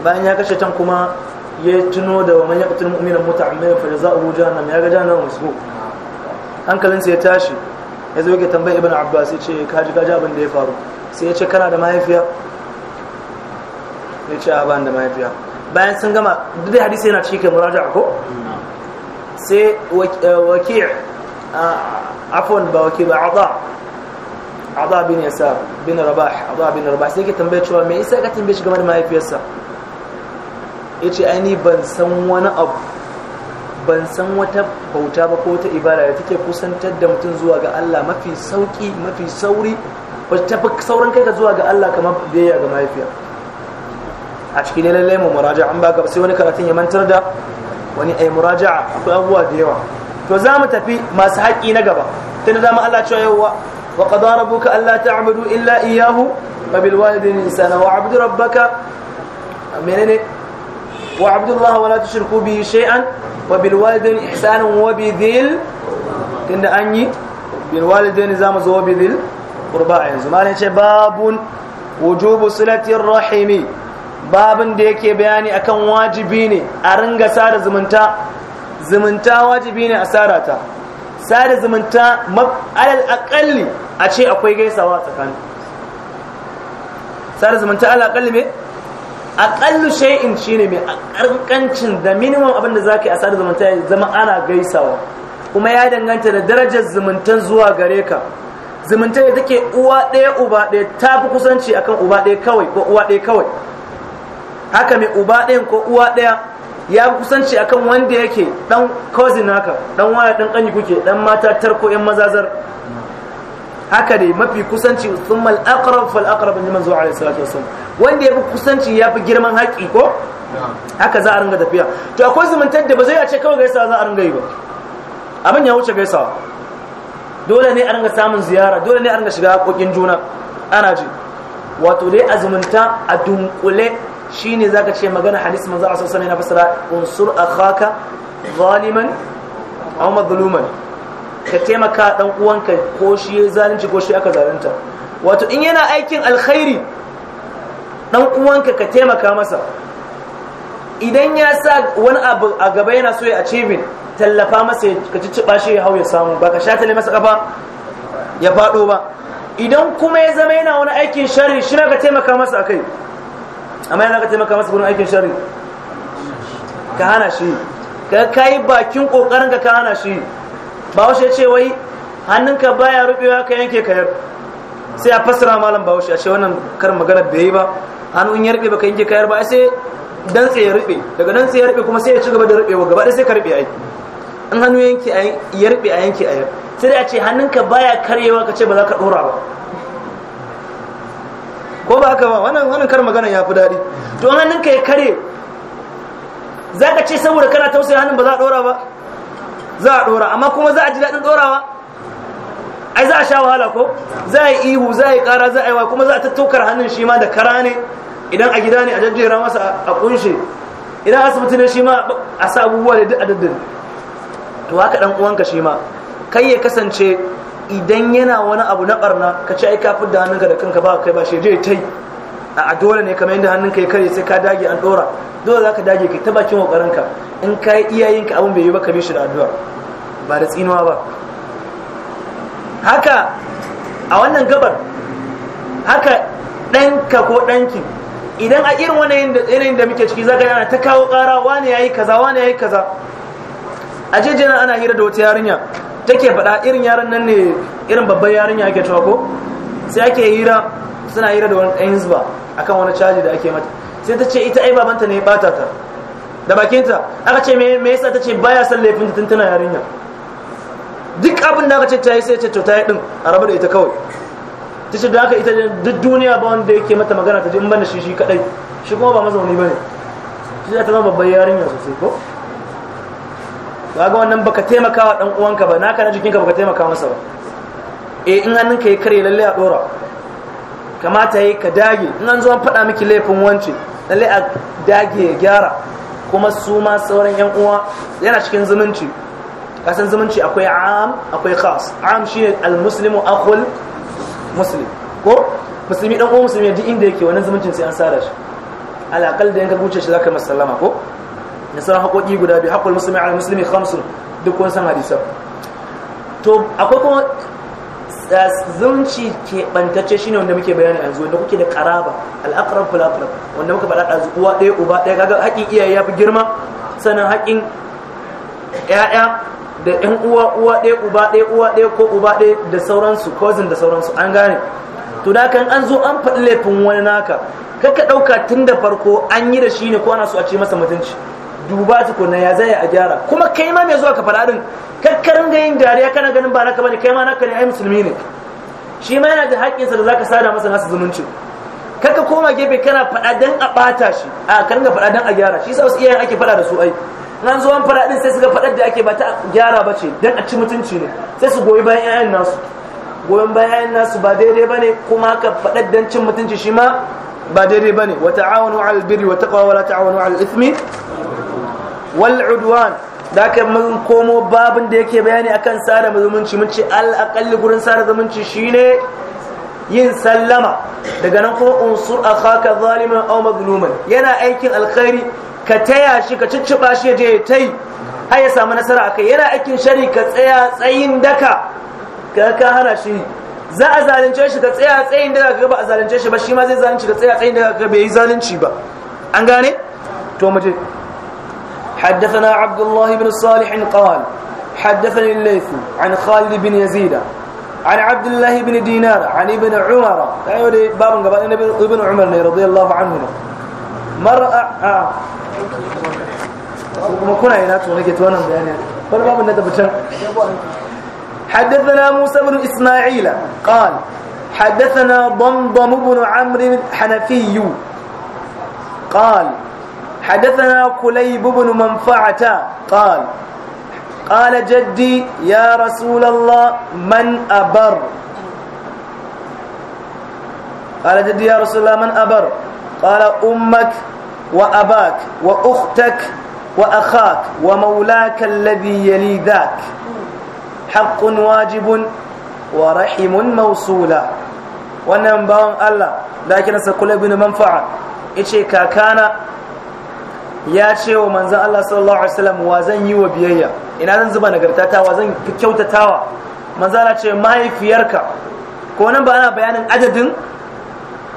bayan ya kashe tan kuma ya tuno da wa man yaqtul mu'mina muta'ammidan fa jazaohu jahannam ya ga jahannam musu hankalin sa ya tashi ya zo yake tambayi ibn abbas ya ce kaji kaji abin da ya faru sai ya ce kana da mahaifiya ya ce a ban da mahaifiya bayan sun gama duk da hadisi yana cikin muraja'a ko sai eh, waki ah, afon ba waki ba ada ada bin yasa bin rabah ada bin rabah sai ke tambaye cewa me isa ka tambaye shi game da mahaifiyarsa yace ai ni ban san wani abu ban san wata bauta ba ko wata ibada da take kusantar da mutum zuwa ga Allah mafi sauki mafi sauri ba ta fi sauran kai ka zuwa ga Allah kamar biyayya ga mahaifiya a cikin lalle mu muraja an baka sai wani karatun ya mantar da wani ai muraja'a akwai abubuwa da yawa to za mu tafi masu haƙƙi na gaba tun da mu Allah cewa yawa wa qadara rabbuka alla ta'budu illa iyyahu wa bil walidayni ihsana wa abdu rabbaka menene wa abdullah wa la tushriku bihi shay'an wa bil walidayni ihsana wa bi dhil tunda an yi bil walidayni za mu zo wa bi dhil qurba yanzu malan ce babun wujubu silati rahimi babin da yake bayani akan wajibi ne a ringa sada zumunta zumunta wajibi ne a sarata sada zumunta alal akalli a ce akwai gaisawa tsakani sada zumunta alal akalli me akallu shay'in shine mai karkancin da minimum abin da zaka yi a sada zumunta ya zama ana gaisawa kuma ya danganta da darajar zumuntan zuwa gare ka zumunta da take uwa ɗaya uba ɗaya ta fi kusanci akan uba ɗaya kawai ko uwa ɗaya kawai haka mai uba ɗayan ko uwa ɗaya ya fi kusanci akan wanda yake dan cousin haka dan waya dan kanyi kuke dan mata tarko yan mazazar haka dai mafi kusanci thumma al-aqrab fal aqrab min manzo alayhi salatu wasallam wanda fi kusanci ya fi girman haƙi ko haka za a ringa tafiya to akwai zumuntar da ba zai a ce kawai gaisawa za a ringa yi ba abin ya wuce gaisawa dole ne a ringa samun ziyara dole ne a ringa shiga haƙoƙin juna ana ji wato dai a zumunta a dunkule shine zaka ce magana hadis manzo a sallallahu alaihi wasallam yana fasara unsur akhaka zaliman aw madluman ka taimaka dan uwanka ko shi ya zalunci ko shi aka zalunta wato in yana aikin alkhairi dan uwanka ka taimaka masa idan ya sa wani abu a gaba yana so ya achieving tallafa masa ka cicciba shi ya hau ya samu ba ka shatale masa kafa ya faɗo ba idan kuma ya zama yana wani aikin sharri shi ka taimaka masa akai amma yana ka taimaka masa gurin aikin shari ka hana shi ka kai bakin kokarin ka hana shi bawashe ce wai hannunka baya rubewa ka yanke ka yar. sai a fasara malam Bahaushe, a ce wannan kar magana bai yi ba Hannu in ya rube ka yanke ka yar ba sai dantse ya rube daga dantse ya rube kuma sai ya ci gaba da rubewa gaba ɗaya sai ka rube ai in hannu yanke ya rube a yanke a yar. sai a ce hannunka baya karyewa ka ce ba za ka ɗora ba ko ba haka ba wannan wannan kar magana ya fi daɗi to hannun ka ya kare za ka ce saboda kana tausaya hannun ba za a ɗora ba za a ɗora amma kuma za a ji daɗin ɗorawa ai za a sha wahala ko za a yi ihu za a yi ƙara za a yi wa kuma za a tattaukar hannun shi ma da kara ne idan a gida ne a jajjera masa a kunshe idan asibiti ne shi ma a sa abubuwa da duk a daddare to haka ɗan uwanka shi ma kai ya kasance idan yana wani abu na barna ka ci aika ka da hannunka da kanka ba kai ba shi je yi. a dole ne kamar yadda hannunka ya kare sai ka dage an dora dole za ka dage ka ta bakin kokarinka in ka yi iyayenka abin bai yi ba ka bi shi da addu'a ba da tsinuwa ba haka a wannan gabar haka ɗanka ko ɗanki idan a irin wani yanayin da muke ciki zaka yana ta kawo ƙara wani yayi kaza wani yayi kaza a jejjena ana hira da wata yarinya take faɗa irin yaran nan ne irin babban yarinya ake cewa ko sai ake hira suna hira da wani ɗan hizba akan wani caji da ake mata sai ta ce ita ai babanta ne ya bata ta da bakinta aka ce me yasa ta ce baya san laifin ta tuntuna yarinya duk abin da aka ce ta yi sai ce to ta yi din a rabu da ita kawai ta ce da aka ita duk duniya ba wanda yake mata magana ta ji in ban shi shi kadai shi kuma ba mazauni bane ne shi za ta zama babban yarinya sosai ko kaga wannan baka taimaka wa dan uwanka ba naka na jikinka baka taimaka masa ba eh in ka ya kare lalle a dora kamata yayi ka dage in an zo an faɗa miki laifin wance lalle a dage ya gyara kuma su ma sauran yan uwa yana cikin zumunci kasan zumunci akwai am akwai khas am al-Muslimu, akhul muslim ko musulmi dan uwa musulmi duk inda yake wannan zumuncin sai an sada shi alaqal da yanka guce shi zaka masallama ko da sauran haƙoƙi guda biyu haƙƙul musulmi ala musulmi khamsun duk kun san hadisa to akwai kuma ke eh, keɓantacce shi ne wanda muke bayani yanzu wanda kuke da ƙaraba al'akarar fulafulan wanda muka faɗa ɗazu uwa ɗaya uba ɗaya kaga haƙƙin iyaye ya fi girma sannan haƙƙin ƴaƴa da ƴan uwa uwa ɗaya uba ɗaya uwa ɗaya ko uba ɗaya da sauransu cousin da sauransu an gane to da kan an zo an faɗi laifin wani naka kakka ɗauka tun da farko an yi da shi ne ko ana so a ce masa mutunci duba tukuna ya zai a gyara kuma kai ma mai zuwa ka faɗa din kakkarin ga yin dariya kana ganin ba naka bane kai ma naka ne ai musulmi ne shi ma yana da haƙƙinsa da za zaka sada masa nasu zumunci kakka koma gefe kana faɗa dan a ɓata shi a kan ga faɗa dan a gyara shi sa wasu iyayen ake faɗa da su ai nan zuwan faɗa din sai suka faɗar da ake ba ta gyara ba ce don a ci mutunci ne sai su goyi bayan 'ya'yan nasu goyon bayan nasu ba daidai ba ne kuma ka faɗar dan cin mutunci shi ma ba daidai ba ne Wata ta'awanu alal birri wata taqwa wa la ta'awanu alal ithmi wal udwan da ka mun komo babin da yake bayani akan sada zumunci mun ce al aqalli gurin sada zumunci shine yin sallama daga nan kuma unsur akhaka zaliman aw mazluman yana aikin alkhairi ka taya shi ka cicciba shi je ta yi har ya samu nasara a kai. yana aikin shari ka tsaya tsayin daka ka ka hana shi za a zalunce shi ka tsaya tsayin daka ka ba a zalunce shi ba shi ma zai zalunci ka tsaya tsayin daka ka bai yi zalunci ba an gane to mu je حدثنا عبد الله بن صالح قال حدثني الليث عن خالد بن يزيد عن عبد الله بن دينار عن ابن عمر ابن عمر رضي الله عنه مر آه. نعم يعني. حدثنا موسى بن إسماعيل قال حدثنا ضمضم بن عمرو الحنفي قال حدثنا كليب بن منفعة قال قال جدي يا رسول الله من أبر قال جدي يا رسول الله من أبر قال أمك وأباك وأختك وأخاك ومولاك الذي يلي ذاك حق واجب ورحم موصولا وأنا bawan Allah لكن سأقول nasa kula منفعة manfa'a yace ya ce wa manzan Allah sallallahu alaihi wasallam wa zan yi wa biyayya ina zan zuba nagartata wa zan kyautatawa manzan Allah ce mahaifiyarka ko nan ba ana bayanin adadin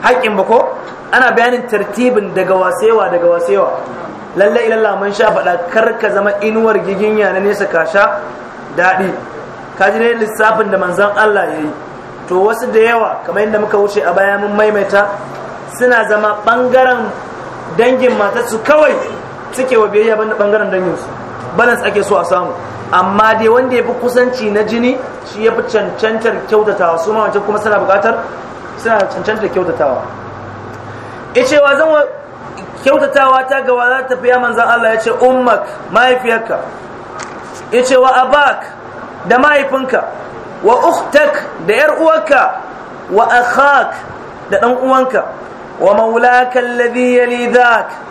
haƙƙin ba ko ana bayanin tartibin daga wasewa daga wasewa lallai ilallah man sha faɗa kar ka zama inuwar giginya na nesa ka sha daɗi ka ji dai lissafin da manzan Allah ya yi to wasu da yawa kamar yadda muka wuce a baya mun maimaita suna zama ɓangaren dangin matarsu kawai suke wa biyayya banda bangaren su balance ake so a samu amma dai wanda ya fi kusanci na jini shi ya fi cancantar kyautatawa su ma wancan kuma suna buƙatar suna cancantar kyautatawa ya ce wa zan kyautatawa ta gawa za ta fiya manzan Allah ya ce ummak mahaifiyarka ya ce wa abak da mahaifinka wa uktak da yar uwarka wa akhak da dan uwanka wa maulaka alladhi yali dhak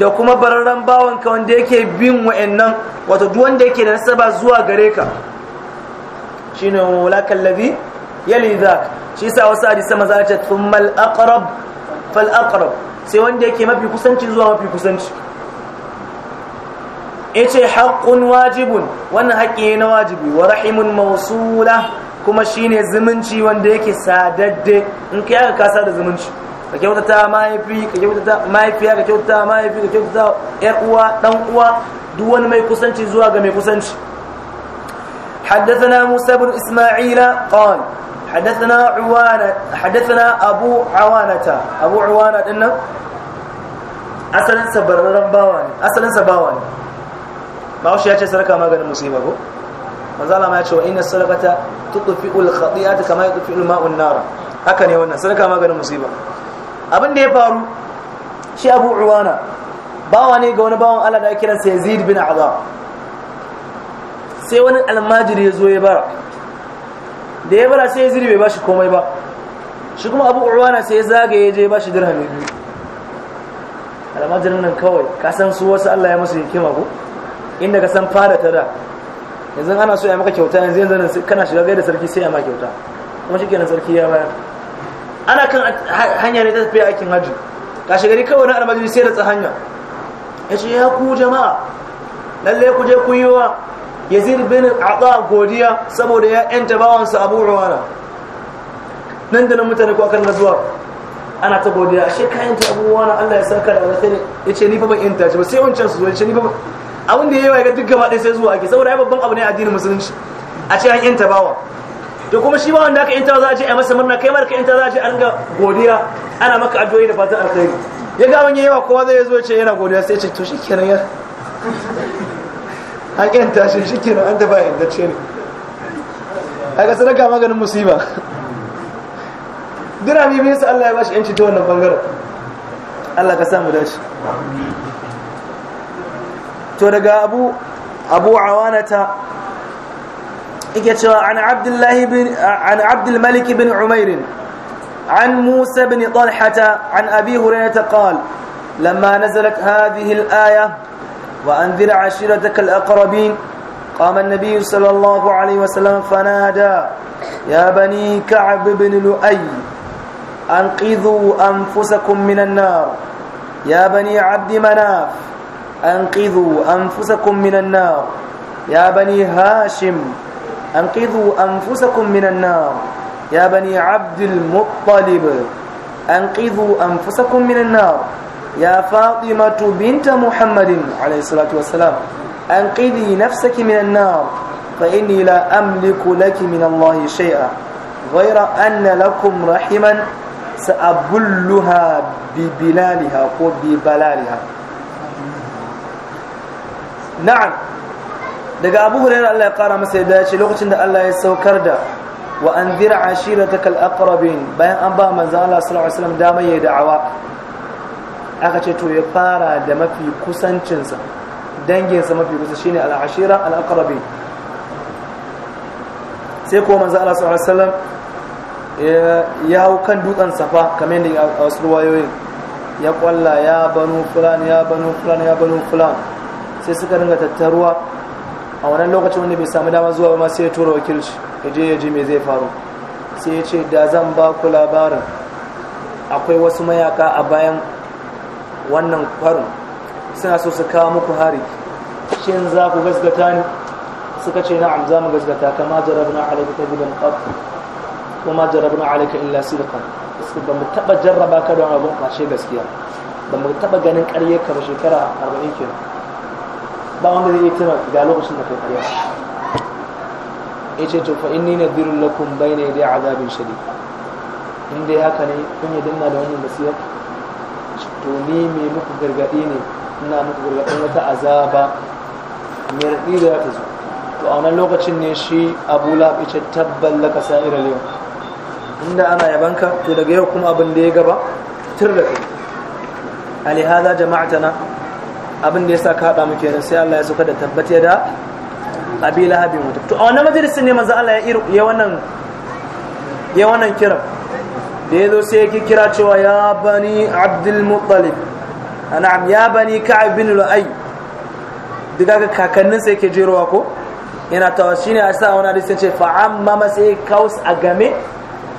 da kuma bararren bawanka wanda yake bin wa'annan wato duk wanda yake da nasaba zuwa gare ka shine walakal ladhi yali dhak shi sa wasu hadisi maza ta thummal aqrab fal aqrab sai wanda yake mafi kusanci zuwa mafi kusanci yace haqqun wajibun wannan haƙi ne na wajibi wa rahimun mawsula kuma shine zumunci wanda yake sadadde in kai aka kasa da zumunci ka kyautata mahaifi ka kyautata mahaifiya ka kyautata mahaifi ka kyautata yar uwa dan uwa duk wani mai kusanci zuwa ga mai kusanci حدثنا موسى بن إسماعيل قال حدثنا عوانة حدثنا أبو عوانة أبو عوانة إنه أصلا سبررن باواني أصلا سباواني ما وش يأتي سرقة ما قال المصيبة هو manzala ma ya ce wa inna sadaqata tudfi'ul khati'ata kama yudfi'ul ma'u an-nar haka ne wannan maganin musiba abin da ya faru shi abu uwana bawa ne ga wani bawan Allah da kira sai Yazid bin Azam sai wani almajiri ya zo ya bara da ya bara sai Yazid bai bashi komai ba shi kuma abu uwana sai ya zagaye ya je bashi dirhami biyu almajirin nan kawai ka san su wasu Allah ya musu hikima ko inda ka san fara ta da yanzu ana so ya maka kyauta yanzu yanzu kana shiga gaida sarki sai ya maka kyauta kuma shi kenan sarki ya bayar ana kan hanya ne ta tafiya aikin hajji shiga gari kawai na almajiri sai da hanya ya ce ya ku jama'a lalle ku je ku yi wa yazid bin ata godiya saboda ya yanta bawansa abu rawana nan da nan mutane ko akan nazuwa ana ta godiya A kayan ta abu wani Allah ya saka da ne. ya ce ni fa ban yanta ba sai wancan su zo ya ce ni fa abin da yayi ga duk gaba ɗaya sai zuwa ake saboda ya babban abu ne addinin musulunci a ce an yanta bawa to kuma shi ba wanda aka yanta za a ce a masa murna kai mara ka yanta za a ce an ga godiya ana maka addu'o'i da fatan alkhairi ya ga wani yawa kowa zai zo ce yana godiya sai ce to shi shikenan ya an tashin shi shikenan an da yadda ce ne a ga sadaka maganin musiba dira mi bisa Allah ya bashi yanci ta wannan bangaren Allah ka samu dashi to daga abu abu awanata عن عبد الله بن عن عبد الملك بن عمير عن موسى بن طلحة عن أبي هريرة قال لما نزلت هذه الآية وأنذر عشيرتك الأقربين قام النبي صلى الله عليه وسلم فنادى يا بني كعب بن لؤي أنقذوا أنفسكم من النار يا بني عبد مناف أنقذوا أنفسكم من النار يا بني هاشم anqidhu anfusakum minan nar ya bani abdul muttalib anqidhu anfusakum minan nar ya fatimatu binta muhammadin alayhi salatu wassalam anqidhi nafsaki minan nar fa inni la amliku laki minallahi shay'a ghayra an lakum rahiman sa bi bilaliha wa bi balaliha daga abu hurairu Allah ya kara masa ya dace lokacin da Allah ya saukar da wa shirar ta aqrabin bayan an ba manzo Allah sallallahu alaihi wasallam ya yi da'awa aka ce to ya fara da mafi kusancinsa danginsa mafi kusa shine ne al'ashira al sai kuma manzo Allah sallallahu alaihi wasallam ya hau kan dutsen safa kamar yadda a wasu ruwayoyin ya kwalla ya banu fulan ya banu fulan ya banu fulan sai suka ringa tattaruwa a wannan lokacin wanda bai samu dama zuwa ma sai ya tura wakilci ya je ya ji me zai faru sai ya ce da zan ba ku labarin akwai wasu mayaka a bayan wannan kwarin suna so su kawo muku hari shin za ku gasgata ne suka ce na'am za mu gasgata kama jarabna alaika kadiban ko kuma jarabna alaika illa su ba mu taba jarraba ka don abun kwashe gaskiya ba mu taba ganin ƙarye ka ba shekara 40 kenan ba wanda zai iya tuna ga lokacin da kai ƙarya yace to fa inni nadhirul lakum bayna yaday azabin shadid in dai haka ne kun yi dinna da wannan basira to ni me muku gargadi ne ina muku gargadin wata azaba mai raɗi da ta zo to a wannan lokacin ne shi abu lahab yace tabban laka sa'ira yau inda ana yabanka to daga yau kuma abin da ya gaba tur da kai alihada jama'atana abin da ya sa kaɗa muke kenan sai Allah ya sauka da tabbata da abi lahabin wata to a wannan majalisin ne manzo Allah ya ya wannan ya wannan kira da yazo sai yake kira cewa ya bani abdul muttalib am ya bani ka'ab bin lu'ay ga kakannin sai yake jerowa ko yana tawa shine a sa wani hadisi ce fa amma sai kaus a game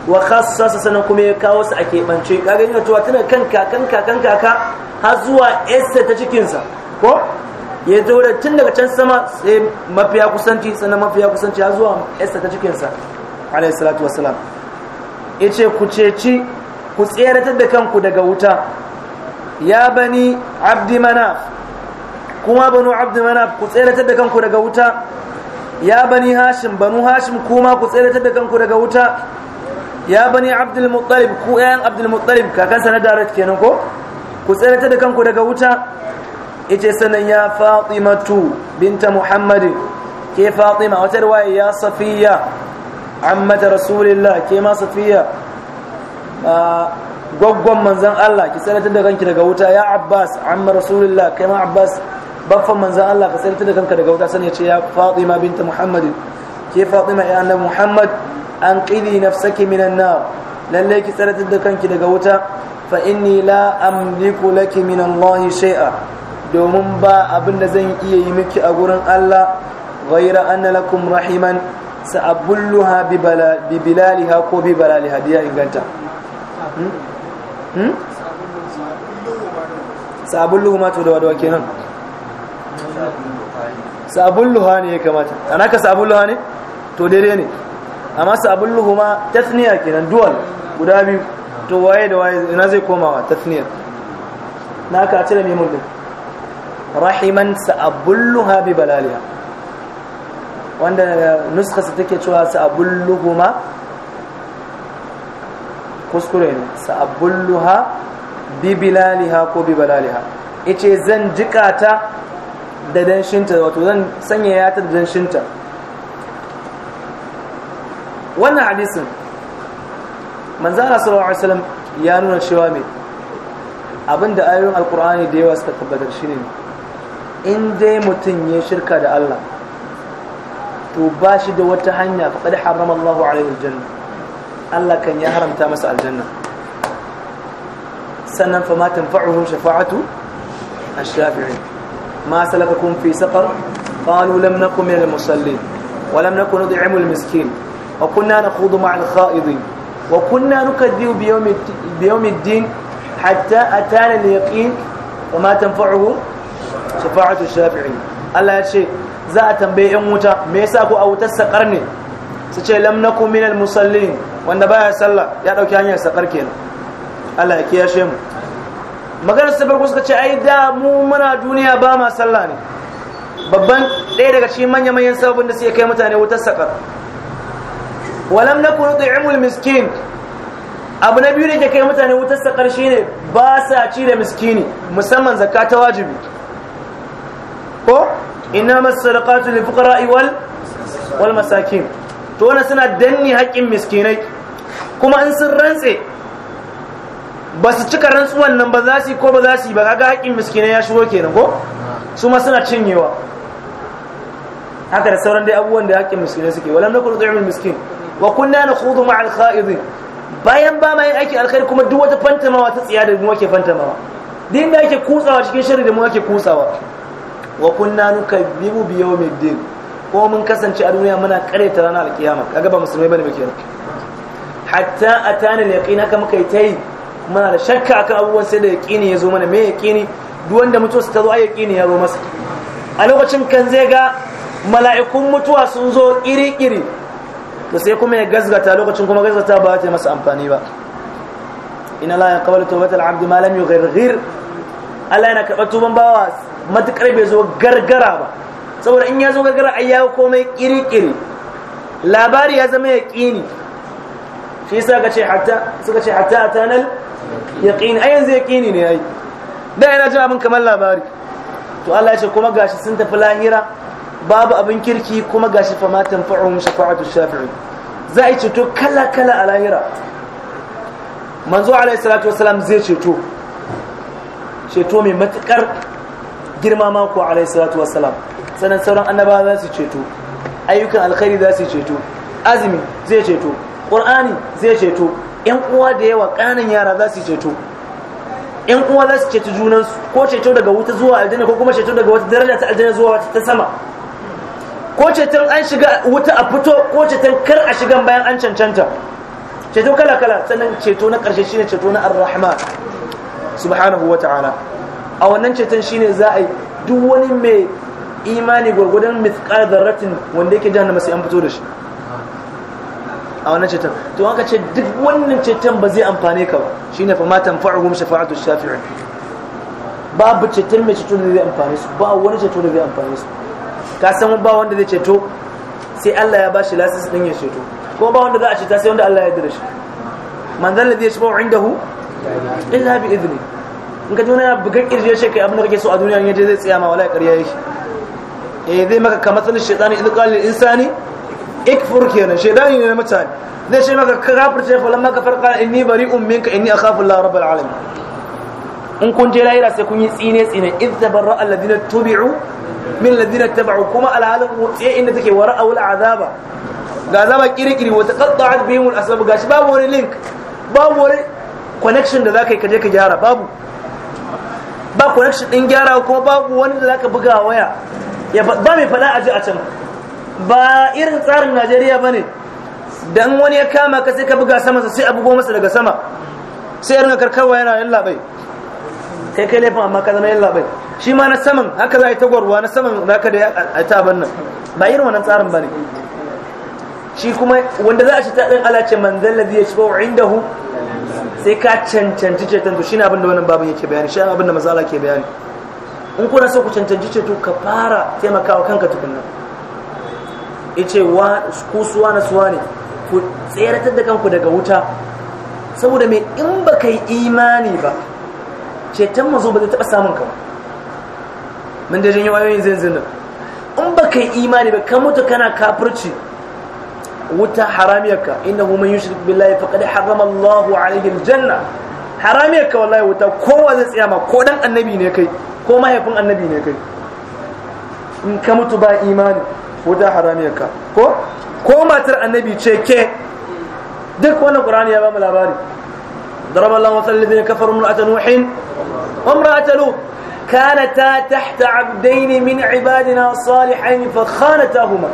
wa khassasa sanan kuma ya kawo su a keɓance kaga yana cewa tana kan kakan kakan kaka har zuwa esta ta cikinsa ko ya zo da tun daga can sama sai mafiya kusanci sannan mafiya kusanci har zuwa esta ta cikinsa alayhi salatu wassalam ya ce ku ceci ku tseratar da kanku daga wuta ya bani abdi mana kuma banu abdi mana ku tseratar da kanku daga wuta ya bani hashim banu hashim kuma ku tseratar da kanku daga wuta ya bani abdul muttalib ku ayan abdul muttalib kakansa na darat kenan ko ku tsirata da kanku daga wuta ita sanan ya fatimatu binta muhammadin ke fatima wata riwaya ya safiya ammata rasulillah ke ma safiya ah, gwaggon manzan Allah ki tsaratar da kanki daga wuta ya Abbas amma rasulillah ke ma Abbas baffan manzan Allah ka tsaratar da kanka daga wuta sani ya ce ya Fatima binta muhammadin ke Fatima ya annabi Muhammad an qili nafsaki minan nar lalle ki tsaratar da kanki daga wuta fa inni la amliku laki min Allah shay'a domin ba abin da zan iya yi miki a gurin Allah ghaira anna lakum rahiman sa'abulluha bi bala bi bilaliha ko bi balaliha diya inganta sabulluhu ma to da wadawa kenan sabulluha ne ya kamata anaka sabulluha ne to daidai ne amma sabon ma tasniya kenan dual guda biyu to waye da waye ina zai komawa tasniyar na ka da mai din rahiman sa'abulluha bi balaliha wanda nuska su take cewa ma kuskure ne sa'abulluha bi bilaliha ko bi balaliha ice zan jikata da danshinta wato zan sanya yata da danshinta wannan hadisin manzo Allah sallallahu alaihi wasallam ya nuna cewa me abinda ayoyin alqur'ani da yawa suka tabbatar shine in dai mutum ya shirka da Allah to bashi da wata hanya faqad harrama Allahu alaihi aljanna Allah kan ya haramta masa aljanna sannan fa ma tanfa'uhum shafa'atu ash-shafi'in ma salakakum fi saqar qalu lam nakum min al-musallin wa lam nakun nud'imu al-miskin وكنا نخوض مع الخائضين وكنا نكذب بيوم بيوم الدين حتى أتانا اليقين وما تنفعه شفاعة الشافعين الله ya ce za a tambaye yan wuta me yasa ku a wutar sakar ne su ce lam nakum minal musallin wanda baya sallah ya dauki hanyar sakar kenan Allah ya kiyashe mu maganar sabar ku suka ce ai da mu muna duniya ba ma sallah ne babban ɗaya daga cikin manya manyan sababin da suke kai mutane wutar sakar walam na kunu da miskin abu na biyu da ke kai mutane wutarsa ƙarshe ne ba sa ci da miskini musamman zakka ta wajibi ko ina masarakatu da fukara iwal wal masakin to wani suna danne haƙƙin miskinai kuma in sun rantse ba su cika rantsuwan nan ba za su yi ko ba za su yi ba ga haƙƙin miskinai ya shigo kenan ko su ma suna cinyewa haka da sauran dai abubuwan da haƙƙin miskinai suke walam na kuru da miskin wa kunna nakhudu ma'al kha'idin bayan ba ma yin aikin alkhairi kuma duk wata fantamawa ta tsiya da mu ake fantamawa din da ake kutsawa cikin shari da mu ake kutsawa wa kunna nukazzibu bi yawmiddin ko mun kasance a duniya muna ta ranar alkiyama kaga ba musulmai bane muke hatta atana al-yaqin haka muka yi tayi muna da shakka akan abubuwan sai da yaqini ya zo mana me yaqini duk wanda mutu ta tazo ai ya zo masa a lokacin kan zai ga mala'ikun mutuwa sun zo iri-iri to sai kuma ya gazgata lokacin kuma gazgata ba ta masa amfani ba ina la yaqbalu tawbatal abdi ma lam yugharghir Allah yana karɓar tuban bawa matukar bai zo gargara ba saboda in ya zo gargara ai ya komai kirkiri labari ya zama yaqini shi yasa ka ce hatta suka ce hatta atanal yaqini ai yanzu yaqini ne ai da ina jin abin kamar labari to Allah ya ce kuma gashi sun tafi lahira babu abin kirki kuma ga shi famatan tanfa'uhum shafa'atu shafi'i za a ceto kala kala a lahira manzo alaihi salatu wasalam zai ceto ceto mai matukar girma mako alaihi salatu wasalam sannan sauran annaba za su ceto ayyukan alkhairi za su ceto azumi zai ceto qur'ani zai ceto yan uwa da yawa kanan yara za su ceto yan uwa za su ceto junansu ko ceto daga wuta zuwa aljanna ko kuma ceto daga wata daraja ta aljanna zuwa wata ta sama ko ceton an shiga wuta a fito ko ceton kar a shigan bayan an cancanta ceto kala kala sannan ceto na ƙarshe shine ceto na ar subhanahu wa ta'ala a wannan ceton shine za a yi duk wani mai imani gwargwadon mithqal dharratin wanda yake na masu yan fito da shi a wannan ceton to an ce duk wannan ceton ba zai amfane ka ba shine fa ma tanfa'uhum shafa'atu shafi'in babu ceton mai ceto da zai amfane su ba wani ceton da zai amfane su ka san ba wanda zai ceto sai Allah ya bashi lasis din ya ceto ko ba wanda za a ceta sai wanda Allah ya yarda man zalla zai shafa'u indahu illa bi idni in ka jona bugan kirje shi kai abin da kake so a duniya in ya je zai tsaya ma wallahi ƙarya yake eh zai maka ka sanin shaytani idan ka lil insani ikfur kenan shaytani ne mutane zai ce maka ka fa lamma ka farka inni bari'un minka inni akhafu Allah rabbul alamin in kun je lahira sai kun yi tsine tsine idh tabarra alladhina tubi'u min alladhina tabu kuma alhalin sai inda take wara ra'awul azaba ga azaba kirikiri wata qatta'at bihim al-asbab gashi babu wani link babu wani connection da zakai kaje ka gyara babu ba connection din gyara ko babu wanda zaka buga waya ya ba mai fada aje a can ba irin tsarin Najeriya bane dan wani ya kama ka sai ka buga sama sai a bugo masa daga sama sai irin karkarwa yana bai kai kai laifin amma ka zama yin labai shi ma na saman haka za a yi tagwarwa na saman za ka da ya ta ban nan ba irin wannan tsarin ba ne shi kuma wanda za a shi taɗin alace manzan lazi ya ci ba wa'in da hu sai ka cancanci ceton to shi ne abinda da wannan babin yake bayani shi an abinda mazala ke bayani in kuna so ku cancanci ceto ka fara taimakawa kanka tukunna ice wa ku suwa na suwa ne ku tseratar da kanku daga wuta saboda mai in ba ka yi imani ba ceton manzo ba zai taɓa samun kama. mun da janyo ayoyin zanzan nan in ba ka yi imani ba ka mutu kana kafirci wuta haramiyarka innahu man yushrik billahi faqad harrama Allahu alayhi janna. haramiyarka wallahi wuta kowa zai tsaya ma ko ɗan annabi ne kai ko mahaifin annabi ne kai in ka mutu ba imani wuta haramiyarka ko ko matar annabi ce ke duk wannan qur'ani ya ba mu labari ضرب الله مثل الذين كفروا امرأة نوح وامرأة لوط كانتا تحت عبدين من عبادنا الصالحين فخانتاهما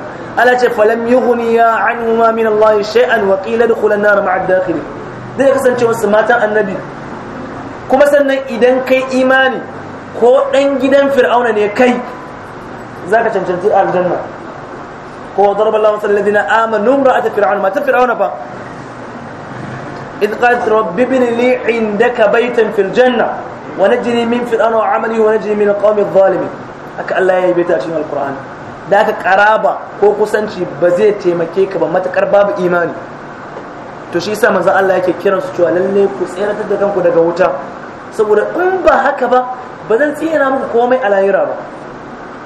ألا فلم يغنيا عنهما من الله شيئا وقيل ادخل النار مع الداخلين zai kasance wasu matan annabi kuma sannan idan kai imani ko dangidan gidan fir'auna ne kai za ka cancanci aljanna ko zarba Allah masalladina amanu ra'ata fir'auna matan fir'auna fa إذ قالت رب ابن لي عندك بيتا في الجنة ونجني من فرعون وعمله ونجني من القوم الظالمين haka Allah ya yi beta cikin alkur'ani da aka karaba ko kusanci ba zai taimake ka ba matakar babu imani to shi yasa manzon Allah yake kiran su cewa lalle ku tseratar da kanku daga wuta saboda in ba haka ba ba zan tsira muku komai a lahira ba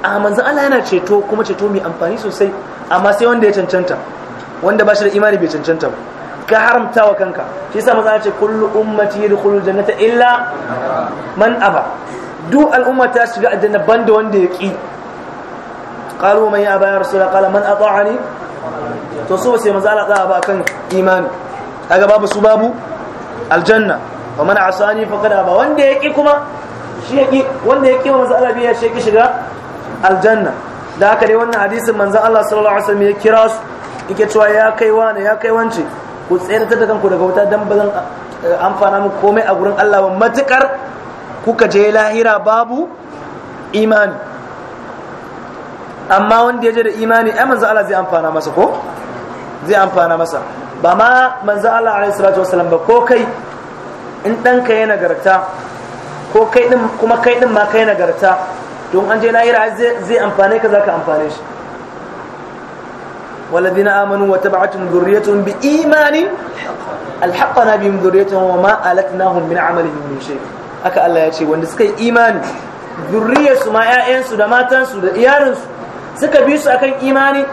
a manzon Allah yana ceto kuma ceto mai amfani sosai amma sai wanda ya cancanta wanda ba shi da imani bai cancanta ba ka haramta wa kanka shi sa maza ce kullu ummati yadkhulu jannata illa man aba duk al'umma ta shiga aljanna banda wanda ya ki qalu man ya aba ya rasul qala man ata'ani to so sai maza Allah za ba kan imani kaga babu su babu aljanna wa man asani faqad aba wanda ya ki kuma shi ya ki wanda ya ki wa maza Allah biya shi ya ki shiga aljanna da haka dai wannan hadisin manzon Allah sallallahu alaihi wasallam ya kira su yake cewa ya kai wani ya kai wance ku tsayantar da kanku daga wuta don ba zan eh, amfana mu komai a gurin Allah ba matukar kuka je lahira babu imani amma wanda ya je da imani ai manzo Allah zai amfana masa ko zai amfana masa ba ma manzo Allah alaihi salatu wasallam ba ko kai in ka yana nagarta ko kai din kuma kai din ma kai nagarta don an je lahira zai amfane ka zaka amfane shi والذين آمنوا وتبعتهم ذريتهم بإيمان الحقنا بهم ذريتهم وما ألتناهم من عملهم من شيء haka Allah ya ce wanda suka yi imani zurriyarsu ma 'ya'yansu da matansu da iyalinsu suka bi su akan imani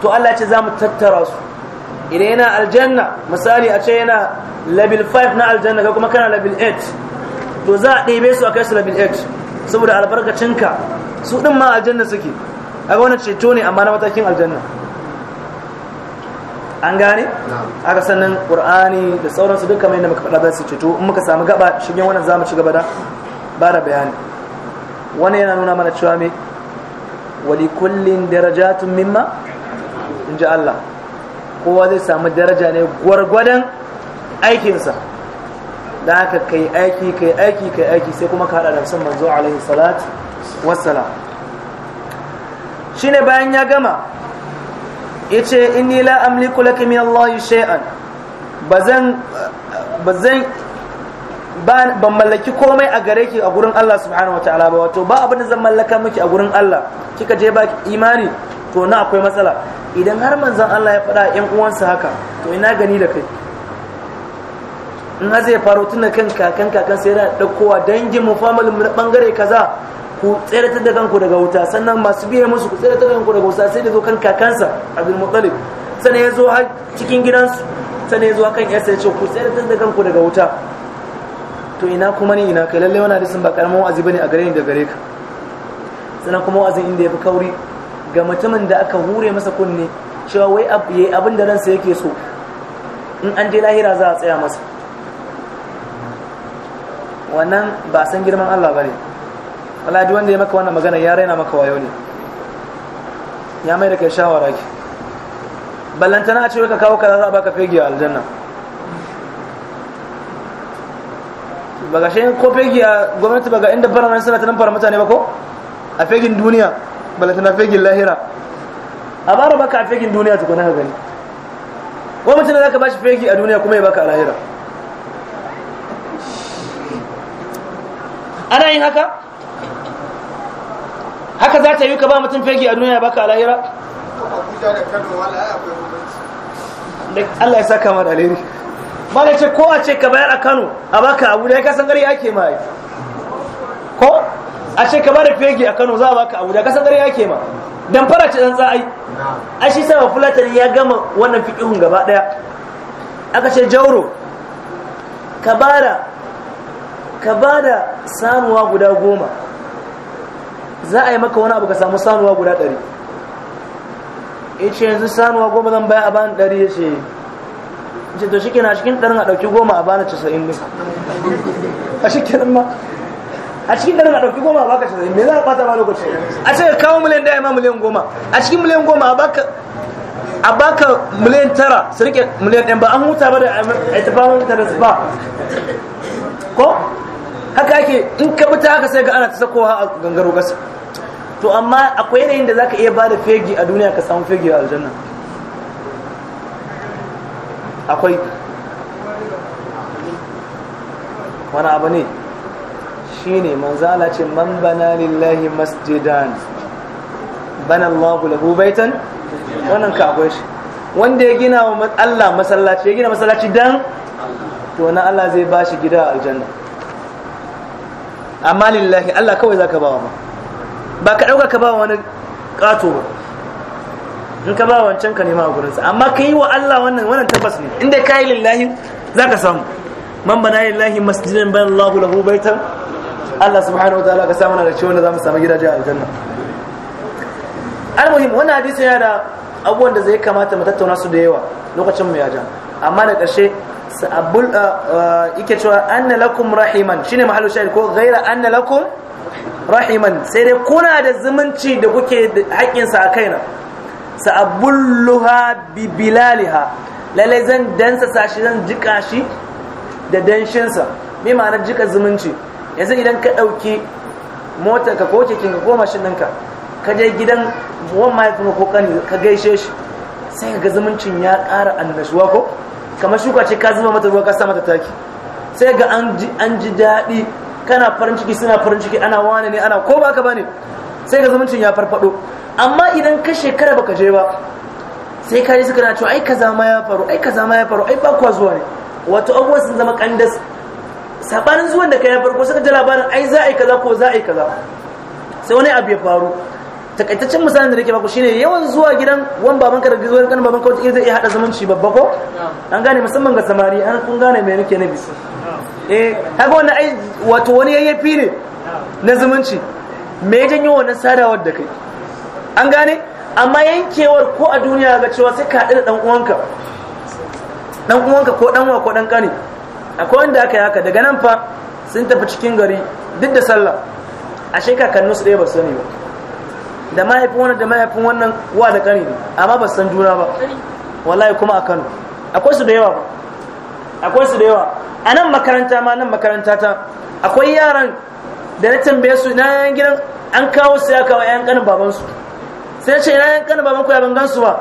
to Allah ya ce za mu tattara su idan yana aljanna misali a ce yana level 5 na aljanna ka kuma kana level 8 to za a ɗebe su a kai su level 8 saboda albarkacinka su ɗin ma aljanna suke aga wannan ceto ne amma na matakin aljanna an gane aka sannan qur'ani da sauransu duk kamar yadda muka faɗa za su ceto in muka samu gaba shigen wannan zamu ci gaba da ba da bayani wannan yana nuna mana cewa me wali kullin darajatun mimma in ji Allah kowa zai samu daraja ne gwargwadon aikinsa da ka kai aiki kai aiki kai aiki sai kuma ka hada da sunan manzo alaihi Salatu wassalam ne bayan ya gama Ya yace inni la amliku kula min Allah shay'an bazan bazan ban mallaki komai a gare ki a gurin Allah subhanahu wataala ba wato ba abin da zan mallaka miki a gurin Allah kika je ba imani to na akwai matsala idan har manzon Allah ya faɗa ƴan uwansa haka to ina gani da kai in har zai faro tun kan kakan kakan sai yana ɗaukowa dangin mu family mu bangare kaza ku tseratar da kanku daga wuta sannan masu biye musu ku tseratar da kanku daga wuta sai da zo kan kakansa abin muttalib sannan ya zo har cikin gidansu sannan ya zo kan yasa ya ce ku tseratar da kanku daga wuta to ina kuma ni ina kai lallai wani hadisin ba karamin wa'azi bane a gare ni da gare ka sannan kuma wa'azin inda ya fi kauri ga mutumin da aka hure masa kunne cewa wai abin da ransa yake so in an je lahira za a tsaya masa wannan ba san girman Allah bane Allah duk wanda ya maka wannan magana ya raina maka wayo ne ya mai da kai shawara ki ballantana a ce ka kawo kaza za a baka fegi a aljanna ba ga shayin ko fegi a gwamnati ba ga inda baranan suna ta nan fara mutane ba ko a fegin duniya ballantana fegin lahira a bara baka a fegin duniya tukuna ka gani Ko mutum da za ka ba shi fegi a duniya kuma ya baka a lahira ana yin haka haka za ta yi ka ba mutum fegi a duniya baka ka alahira? Allah ya saka kama da alheri ba da ce ko a ce ka bayar a kano a baka da ya kasan gari ake ma ko a ce ka bada fegi a kano za a baka abu ka kasan gari ake ma dan fara ce dan za'ai a shi sa fulatari ya gama wannan fiƙihun gaba ɗaya. aka ce jauro ka bada ka bada samuwa guda goma za a yi maka wani abu ka samu sanuwa guda ɗari ya ce yanzu sanuwa goma zan baya a bani ɗari ya ce ce to shike na cikin ɗarin a ɗauki goma a bani casa'in ne a shike ma a cikin ɗarin a ɗauki goma a baka casa'in me za a ɓata ma lokaci a ce kawo miliyan ɗaya ma miliyan goma a cikin miliyan goma a baka a baka miliyan tara su rike miliyan ɗaya ba an huta ba da a tafawan tara su ba ko haka ake in ka fita haka sai ga ana ta sakowa a gangaro kasa to amma akwai yanayin da zaka iya ba da fegi a duniya ka samu fegi a aljanna akwai wani abu ne shi ne manzala ce man bana lillahi masjidan bana Allahu lahu baitan wannan ka akwai shi wanda ya gina wa Allah masallaci ya gina masallaci dan to na Allah zai bashi gida a aljanna amma lillahi Allah kawai zaka bawa ba ba ka dauka ka bawa wani kato ba in ka ba wancan ka nema a gurinsa amma ka yi wa Allah wannan wannan tabbas ne inda ka yi lillahi za ka samu man bana lillahi masjidan ban Allah lahu baitan Allah subhanahu wa ta'ala ka samu na da ciwon da za mu samu gidaje a aljanna almuhim wannan hadisi yana da abubuwan da zai kamata mu tattauna su da yawa lokacin mu ya ja amma da ƙarshe abul yake cewa anna lakum rahiman shine mahallu shahid ko ghaira anna lakum rahiman sai dai kuna da zumunci da kuke haƙƙin sa a kaina sa'abulluha bi bilaliha lalle zan dansa sashi zan jika shi da danshin sa me ma'anar jika zumunci yanzu idan ka ɗauki motar ka ko kekin ka ko mashin ɗinka ka je gidan wan mahaifin ko kan ka gaishe shi sai ka ga zumuncin ya ƙara annashuwa ko kamar shuka ce ka zuba mata ruwa ka sa mata taki sai ga an ji daɗi kana farin ciki suna farin ciki ana wane ne ana ko baka bane sai ga zumuncin ya farfado amma idan ka shekara baka je ba sai ka ji suka na cewa ai kaza ma ya faru ai kaza ma ya faru ai ba kuwa zuwa ne wato abubuwan sun zama kandas sabanin zuwan da ka ya farko suka ji labarin ai za a yi kaza ko za a yi kaza sai wani abu ya faru takaitaccen misalin da nake baku shine yawan zuwa gidan wan babanka da zuwa kan babanka wata zai iya hada zumunci babba ko an gane musamman ga samari an kun gane me nake nabi eh haka wannan ai wato wani yayyafi ne na zumunci me ya janyo wannan sadawar da kai an gane amma yankewar ko a duniya ga cewa sai ka hadu da ɗan uwanka ɗan uwanka ko ɗanwa ko ɗan ƙani akwai wanda aka yi haka daga nan fa sun tafi cikin gari duk da sallah ashe su ɗaya ba sani ba da mahaifin wannan da mahaifin wannan wa da kane ne amma ba san juna ba wallahi kuma a Kano akwai su da yawa akwai su da yawa a nan makaranta ma nan makaranta ta akwai yaran da na tambaye su na yan gidan an kawo su ya kawo yan kanin babansu sai ce na yan kanin ku ya ban gansu ba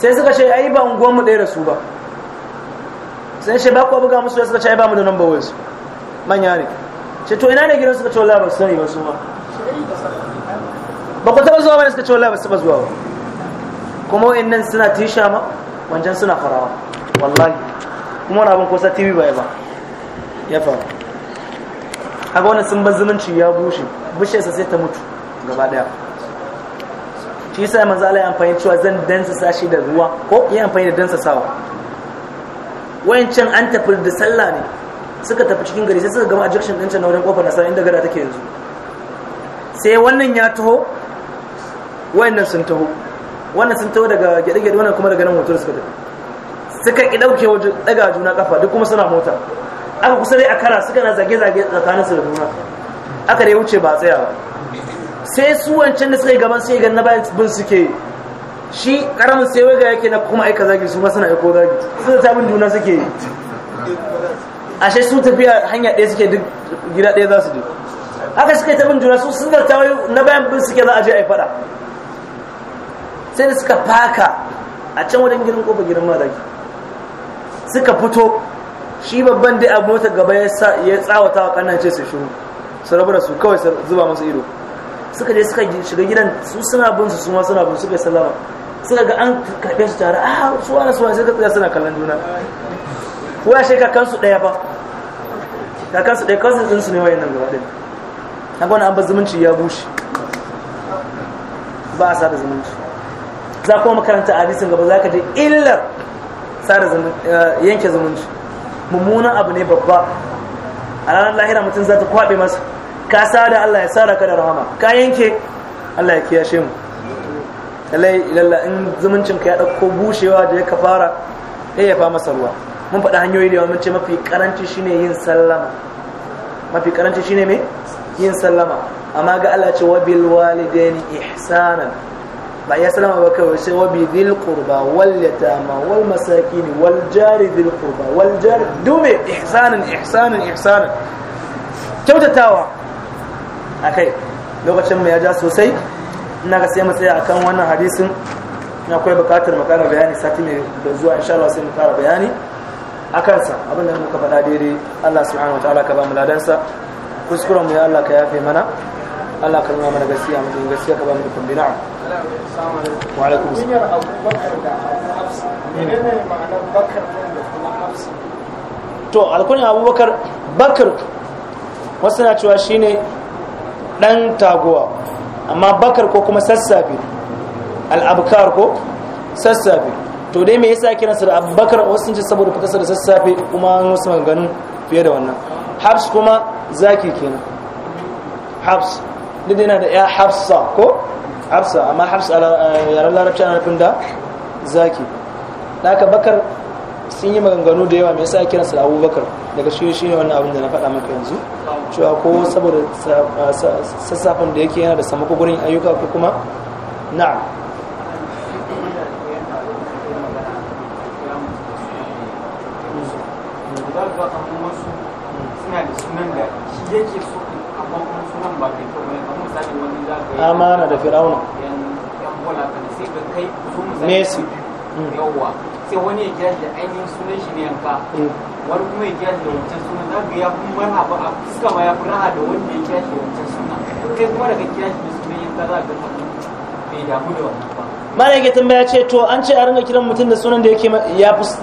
sai suka ce ai ba unguwar mu ɗaya da su ba sai ce ba ku buga musu suka ce ai ba mu da nan ba wayansu manya ne ce to ina ne gidan suka ce wallahi ba su sani ba su ma ba ku taba zuwa ba ne suka ce wallahi ba su taba zuwa ba kuma wa'annan suna tisha ma wancan suna farawa wallahi kuma wani abin kusa tv ba ya ba ya faru haka wani sun zumunci ya bushe bushe sa sai ta mutu gaba daya shi yasa ya manzala ya amfani cewa zan dansa sashi da ruwa ko ya amfani da dansa sawa wayancan an tafi da sallah ne suka tafi cikin gari sai suka gama ejection din can na wajen kofar nasara inda gada take yanzu sai wannan ya taho wayannan sun taho wannan sun taho daga gyaɗe-gyaɗe wannan kuma daga nan motar suka tafi suka ki ɗauke wajen ɗaga juna ƙafa duk kuma suna mota aka kusa dai a kara suka na zage-zage su da juna aka dai wuce ba tsaya ba sai su wancan da suka yi gaban sai ga na bayan bin suke shi karamin sai waga yake na kuma aika zagi su ma suna aiko zagi su da tabin juna suke yi ashe su tafiya hanya ɗaya suke duk gida ɗaya za su je haka suka yi tabin juna su sun zartawa na bayan bin suke za a je a yi faɗa sai da suka faka a can wajen girin kofa girin madaki suka fito shi babban dai abu mota gaba ya tsawata wa kanan ce su shuru su rabu da su kawai su zuba masu ido suka je suka shiga gidan su suna bin su suma suna bin su suka salama suka ga an karfe su tare a ah, suwa na suwa sai ka tsaya suna kallon juna kuwa shi kakansu ɗaya ba kakansu ɗaya kansu ɗin su ne wayan nan gaba ɗaya an wani an ba zumunci ya bushe ba a sa da zumunci za kuma makaranta a hadisin gaba za ka ji illar tsara eh, yanke zumunci mummunan abu ne babba a ranar lahira mutum za ta kwaɓe masa ka sada Allah ya sara ka da rahama ka yanke Allah ya kiyashe mu lallai lalla in zumuncin ka ya ɗauko bushewa da ya ka fara ya fa masa ruwa mun faɗa hanyoyi da yawa mun ce mafi karanci shine yin sallama mafi karanci shine me yin sallama amma ga Allah ce wa bil walidaini ihsanan ba ya salama ba kawai sai wabi dhil qurba wal yatama wal masakin wal jari dhil qurba wal jari dume ihsanan ihsanan ihsanan kyautatawa akai lokacin mu ya ja sosai ina ga sai mu tsaya akan wannan hadisin na akwai bukatar mu kara bayani sati mai da zuwa insha Allah sai mu kara bayani akan sa abinda muka faɗa daidai Allah subhanahu wataala ka ba mu ladansa kuskuren mu ya Allah ka yafe mana Allah ka nuna mana gaskiya mu gaskiya ka ba mu da kumbina wa alaikum kunyar abubakar da hafsa ma'anar bakar da kuma hafsa to alkunyar abubakar bakar wasu na cewa shine dan taguwa amma bakar ko kuma sassafe al'abkar ko sassafe to dai me yasa kiransa da abubakar wasu ce saboda fitarsa da sassafe kuma an wasu maganganun fiye da wannan habs kuma zaki kenan habs duk yana da ya hafsa ko hafsa amma hafsa eh, yaren larabci ana nufin da zaki da aka bakar sun yi maganganu da yawa mai sa kiransa da abubakar daga shi shi ne wannan abin da na faɗa maka yanzu cewa ko saboda sassafin da yake yana da samako gurin ayyuka ko kuma na'am suna da sunan da shi yake so amma kuma sunan ba kai amana da fir'auna messi mm. yawwa sai wani ya kira shi da ainihin sunan shi ne yanka eh. wani kuma ya kira da wancan sunan za ka ya fi marhaba a fuska ma ya fi raha da wanda ya kira da wancan sunan kai kuma daga kira shi da sunan yanka za ka ga bai damu da wannan ba malai ke tambaya ce to an ce a ringa kiran mutum da sunan da yake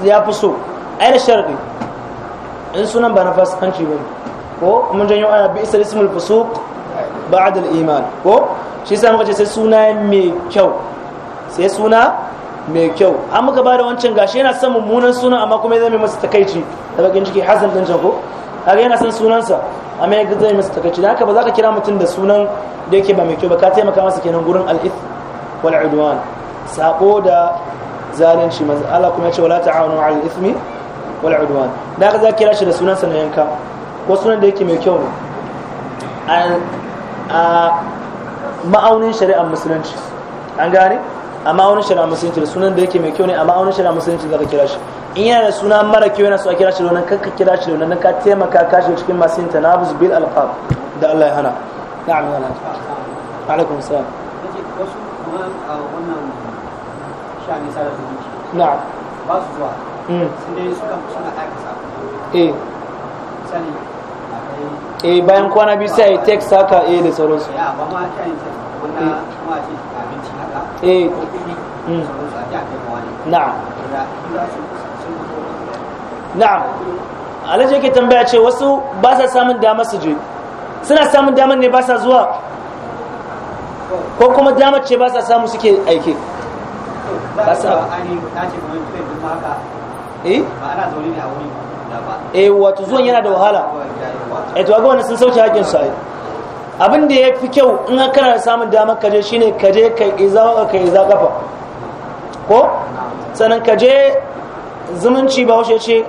ya fi so ainihin sharɗi in sunan ba na fasikanci ba ko mun janyo aya bi isa ismul fusuq ba'da al-iman ko shi sa muka ce sai suna mai kyau sai suna mai kyau an muka ba da wancan gashi yana son mummunan suna amma kuma zai mai masa takaici da bakin ciki hasan din can ko kaga yana son sunansa amma ya zai masa takaici da haka ba za ka kira mutum da sunan da yake ba mai kyau ba ka taimaka masa kenan gurin al wal udwan sako da zalunci manzo Allah kuma ya ce wala ta'awanu 'alal ithmi wal udwan da haka za ka kira shi da sunansa na yanka ko sunan da yake mai kyau ne a ma'aunin shari'ar musulunci an gane a ma'aunin shari'ar musulunci da sunan da yake mai kyau ne a ma'aunin shari'ar musulunci za ka kira shi in yana da suna mara kyau yana so a kira shi da wannan kanka kira shi da ka taimaka ka shi cikin masu yin tanabus bil alqab da Allah ya hana na'am ya Allah alaikum salam wasu kuma wannan sha'ani sada zumunci na'am ba su zuwa mm. sun dai suka suna aika sako eh sani eh bayan kwana biyu sai a yi text haka eh da sauransu eh, eh. Mm. na'am na'am alhaji yake tambaya ce wasu ba sa samun damar su je suna samun damar ne ba sa zuwa ko kuma damar ce ba sa samu suke aiki ba sa eh ba ana zaune ne a wuri ba eh wato zuwan yana da wahala eh to ga wannan sun sauke hakkin su abin da ya fi kyau in kana samun damar kaje shine kaje ka iza ka iza kafa ko ka kaje zumunci ba wace ce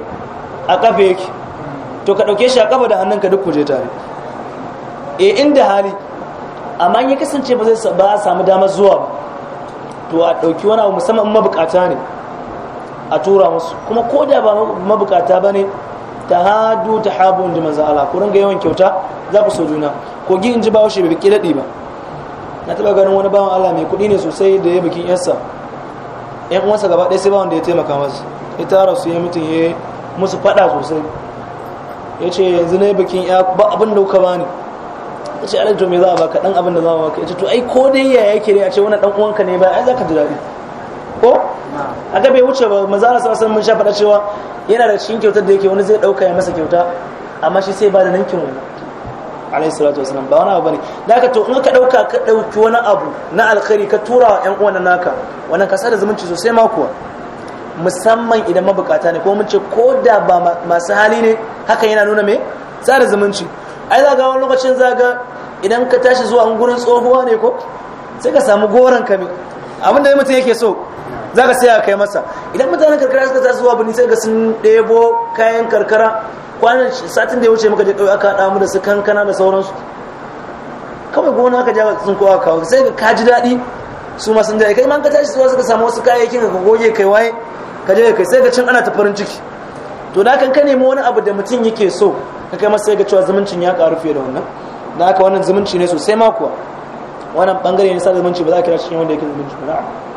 a kafa yake to ka dauke shi a kafa da hannunka duk kuje tare eh inda hali amma in ya kasance ba zai ba samu damar zuwa ba to a dauki wani abu musamman bukata ne a tura musu kuma ko da ba mabukata ba ne ta hadu ta habu inji manzan Allah ku ringa yawan kyauta za ku so juna kogi inji ji bawashe bai daɗi ba na taɓa ganin wani bawan Allah mai kuɗi ne sosai da ya bikin 'yansa. yan uwansa gaba ɗaya sai bawan da ya taimaka masa ya tara su ya mutum ya musu faɗa sosai ya ce yanzu na yi bikin ya ba abin da kuka bani ya ce alhaji to me za a baka ɗan abin da za a baka ya ce to ai ko dai yaya yake ne a ce wani ɗan uwanka ne ba ai za ka ji daɗi ko aga bai wuce ba manzo Allah sallallahu alaihi mun sha fada cewa yana da cikin kyautar da yake wani zai dauka ya masa kyauta amma shi sai ba da nankin wani alaihi salatu wasallam ba wani abu bane da ka to in ka dauka ka dauki wani abu na alkhairi ka tura wa yan uwan naka wannan ka sada zumunci sosai ma kuwa musamman idan mabukata ne ko mun ce ko da ba masu hali ne hakan yana nuna me sada zumunci ai za ga wani lokacin za ga idan ka tashi zuwa gurin tsohuwa ne ko sai ka samu goron ka me abin da mutum yake so za ka saya kai masa idan mutanen karkara suka tasowa birni sai ga sun ɗebo kayan karkara kwanan satin da ya wuce muka je ƙauye aka haɗa mu da su kankana da sauransu kawai gona ka jawo sun kowa kawo sai ka ji daɗi su ma sun jaye kai ma ka tashi suwa suka samu wasu kayayyakin ka goge kai waye ka je kai sai ka cin ana ta farin ciki to da kan ka nemi wani abu da mutum yake so ka kai masa sai ga cewa zumuncin ya karu fiye da wannan da haka wannan zumunci ne sosai ma kuwa wannan bangare ne sa zumunci ba za a kira cikin wanda yake zumunci ba na'am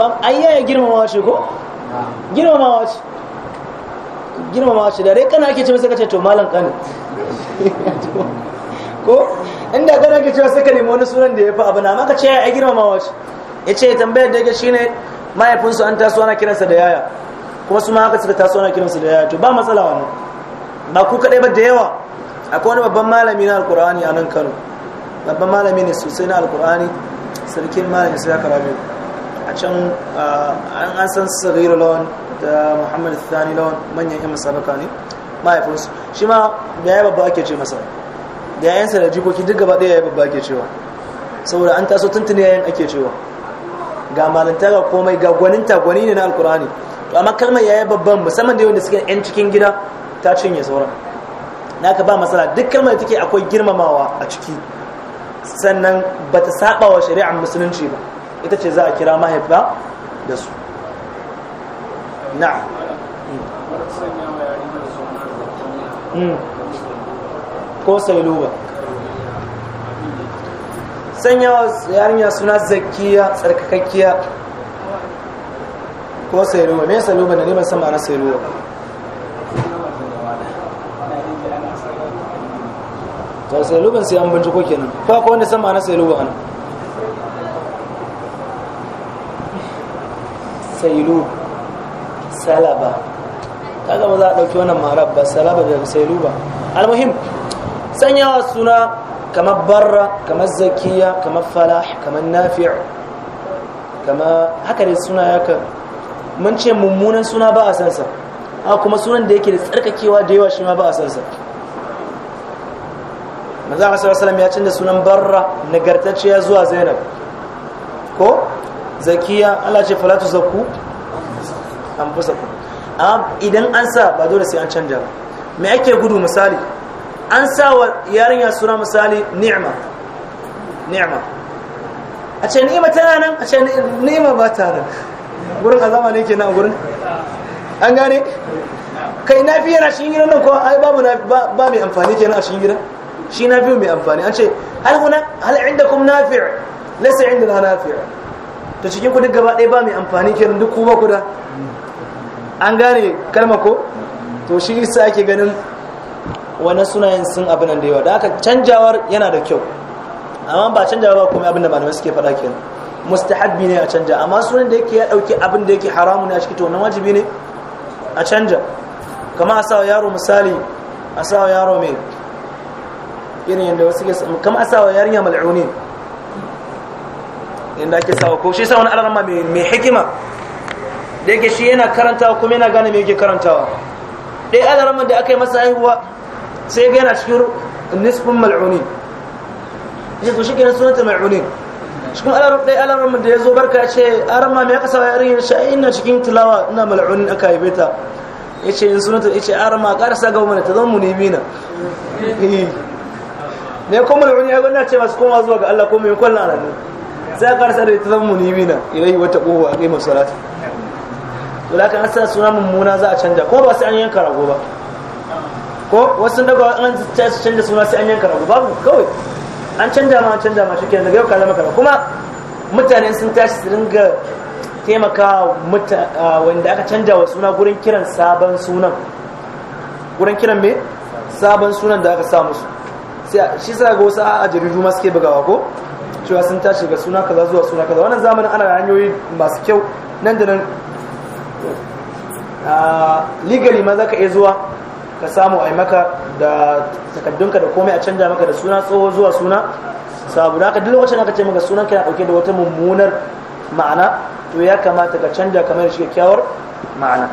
ba ayya ya girmama ce ko girmama ce girmama ce da rai kana ake ce masa kace to malam kano ko inda kana ake ce masa ka wani sunan da ya fi abu na maka ce ya girmama ce ya ce tambayar da yake shine mahaifinsu an taso ana kiransa da yaya kuma su ma haka suka taso ana kiransa da yaya to ba matsala wannan ba ku kaɗai ba da yawa akwai wani babban malami na alkur'ani a nan kano babban malami ne sosai na alkur'ani sarkin malami sai aka rabe a can uh, an san sagiru lawan da muhammad thani lawan manyan yan musabaka ne mahaifinsu shi ma da ya babba ake ce masa da ya yansa da jikoki duk gaba ɗaya ya babba ake cewa saboda an taso tuntuni yayan ake cewa ga malinta ga komai ga gwaninta gwani ne na alkurani to amma kalmar yi babban musamman da wanda suke yan cikin gida ta cinye sauran ka ba matsala duk kalmar da take akwai girmamawa a ciki sannan ta saba wa shari'ar musulunci ba ita ce za a kira mahaifa da su na'am hmm. ko sailuba sanyawa yarinya suna zakkiya tsarkakakkiya ko sailuba me sailuba da neman sama na sailuba sailuban sai an binciko kenan ba ko wanda sama na ana sailu salaba kaga ba za a ɗauki wannan marab ba salaba da sailu ba almuhim sanyawa suna kamar barra kamar zakiya kamar falah kamar Nafi'u kama haka dai suna yakan mun ce mummunan suna ba a sansa a kuma sunan da yake da tsarkakewa da yawa shi ma ba a sansa maza Allah sallallahu alaihi wasallam ya canza sunan barra nagartacciya zuwa zainab ko zakiya Allah ce falatu zakku an fusa ku amma idan an sa ba dole sai an canja ba me ake gudu misali an sa wa yarinya suna misali ni'ma ni'ma a ce ni'ma tana nan a ce ni'ma ba ta nan gurin azama ne nan gurin an gane kai na fiye na shi gidan nan ko ai babu na ba mai amfani kenan a shi gidan shi na fiye mai amfani an ce hal huna hal indakum lasa inda na nafi' ta cikin kudin gaba ɗaya ba mai amfani kenan duk kuma kuda an gane kalma ko to shi isa ake ganin wani sunayen sun abin da yawa da aka canjawar yana da kyau amma ba canjawa ba kuma abin da malamai suke faɗa kenan mustahabbi ne a canja amma sunan da yake ya ɗauki abin da yake haramu ne a cikin to wannan wajibi ne a canja kama a sawa yaro misali a sawa yaro mai irin yadda wasu ke kama a sawa yarinya mal'unin inda ake sawa ko shi sa wani alarma mai hikima da yake shi yana karantawa kuma yana gane mai yake karantawa ɗaya alarman da aka yi masa haihuwa sai ga yana cikin nisfin mal'uni ya ku shi ke sunanta mal'uni shi kuma alarman ɗaya alarman da ya zo barka ce alarma mai aka sawa yarinyar shi ina cikin tilawa ina mal'uni aka haife ta ya ce yin sunanta ya ce alarma ƙarasa ga mana ta zama mina ne eh. kuma mal'uni ya gwamna ce masu koma zuwa ga Allah kuma yin kwallon alamu sai ka rasa da ita zan munimina ilai wata ƙoho a ƙaimar salati to da kan sa suna mummuna za a canja ko ba sai an yanka rago ba ko wasu daga an canja suna sai an yanka rago babu kawai an canja ma an canja ma shike daga yau ka zama kaza kuma mutane sun tashi su ringa taimaka wanda aka canja wa suna gurin kiran sabon sunan gurin kiran me sabon sunan da aka sa musu shi sa ga wasu a jaridu ma suke bugawa ko cewa sun tashi ga suna kaza zuwa suna kaza wannan zamanin ana hanyoyi masu kyau nan da nan ah, legally ma za ka iya zuwa ka samu a maka da takaddunka da komai a canja maka da suna tsoho zuwa suna sabu da haka duk lokacin aka ce maka sunan ka yana dauke da wata mummunar ma'ana to ya kamata ka canja kamar shi kyakkyawar ma'ana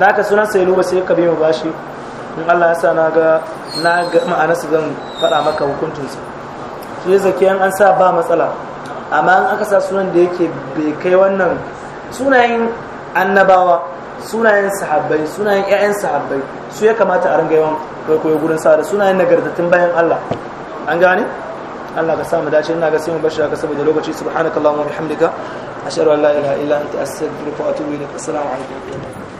da haka sunan sai luba sai ka bi mu bashi in Allah ya sa na ga na ga zan faɗa maka hukuncinsa shi zakiyan an sa ba matsala amma an aka sa sunan da yake bai kai wannan sunayen annabawa sunayen sahabbai sunayen 'ya'yan sahabbai su ya kamata a ringa yawan kwaikwayo gurin sa da sunayen nagartattun bayan Allah an gane Allah ka samu dace ina ga sai bashi bashi haka saboda lokaci subhanakallahumma wa bihamdika ashhadu an la ilaha illa anta astaghfiruka wa atubu ilaik assalamu alaikum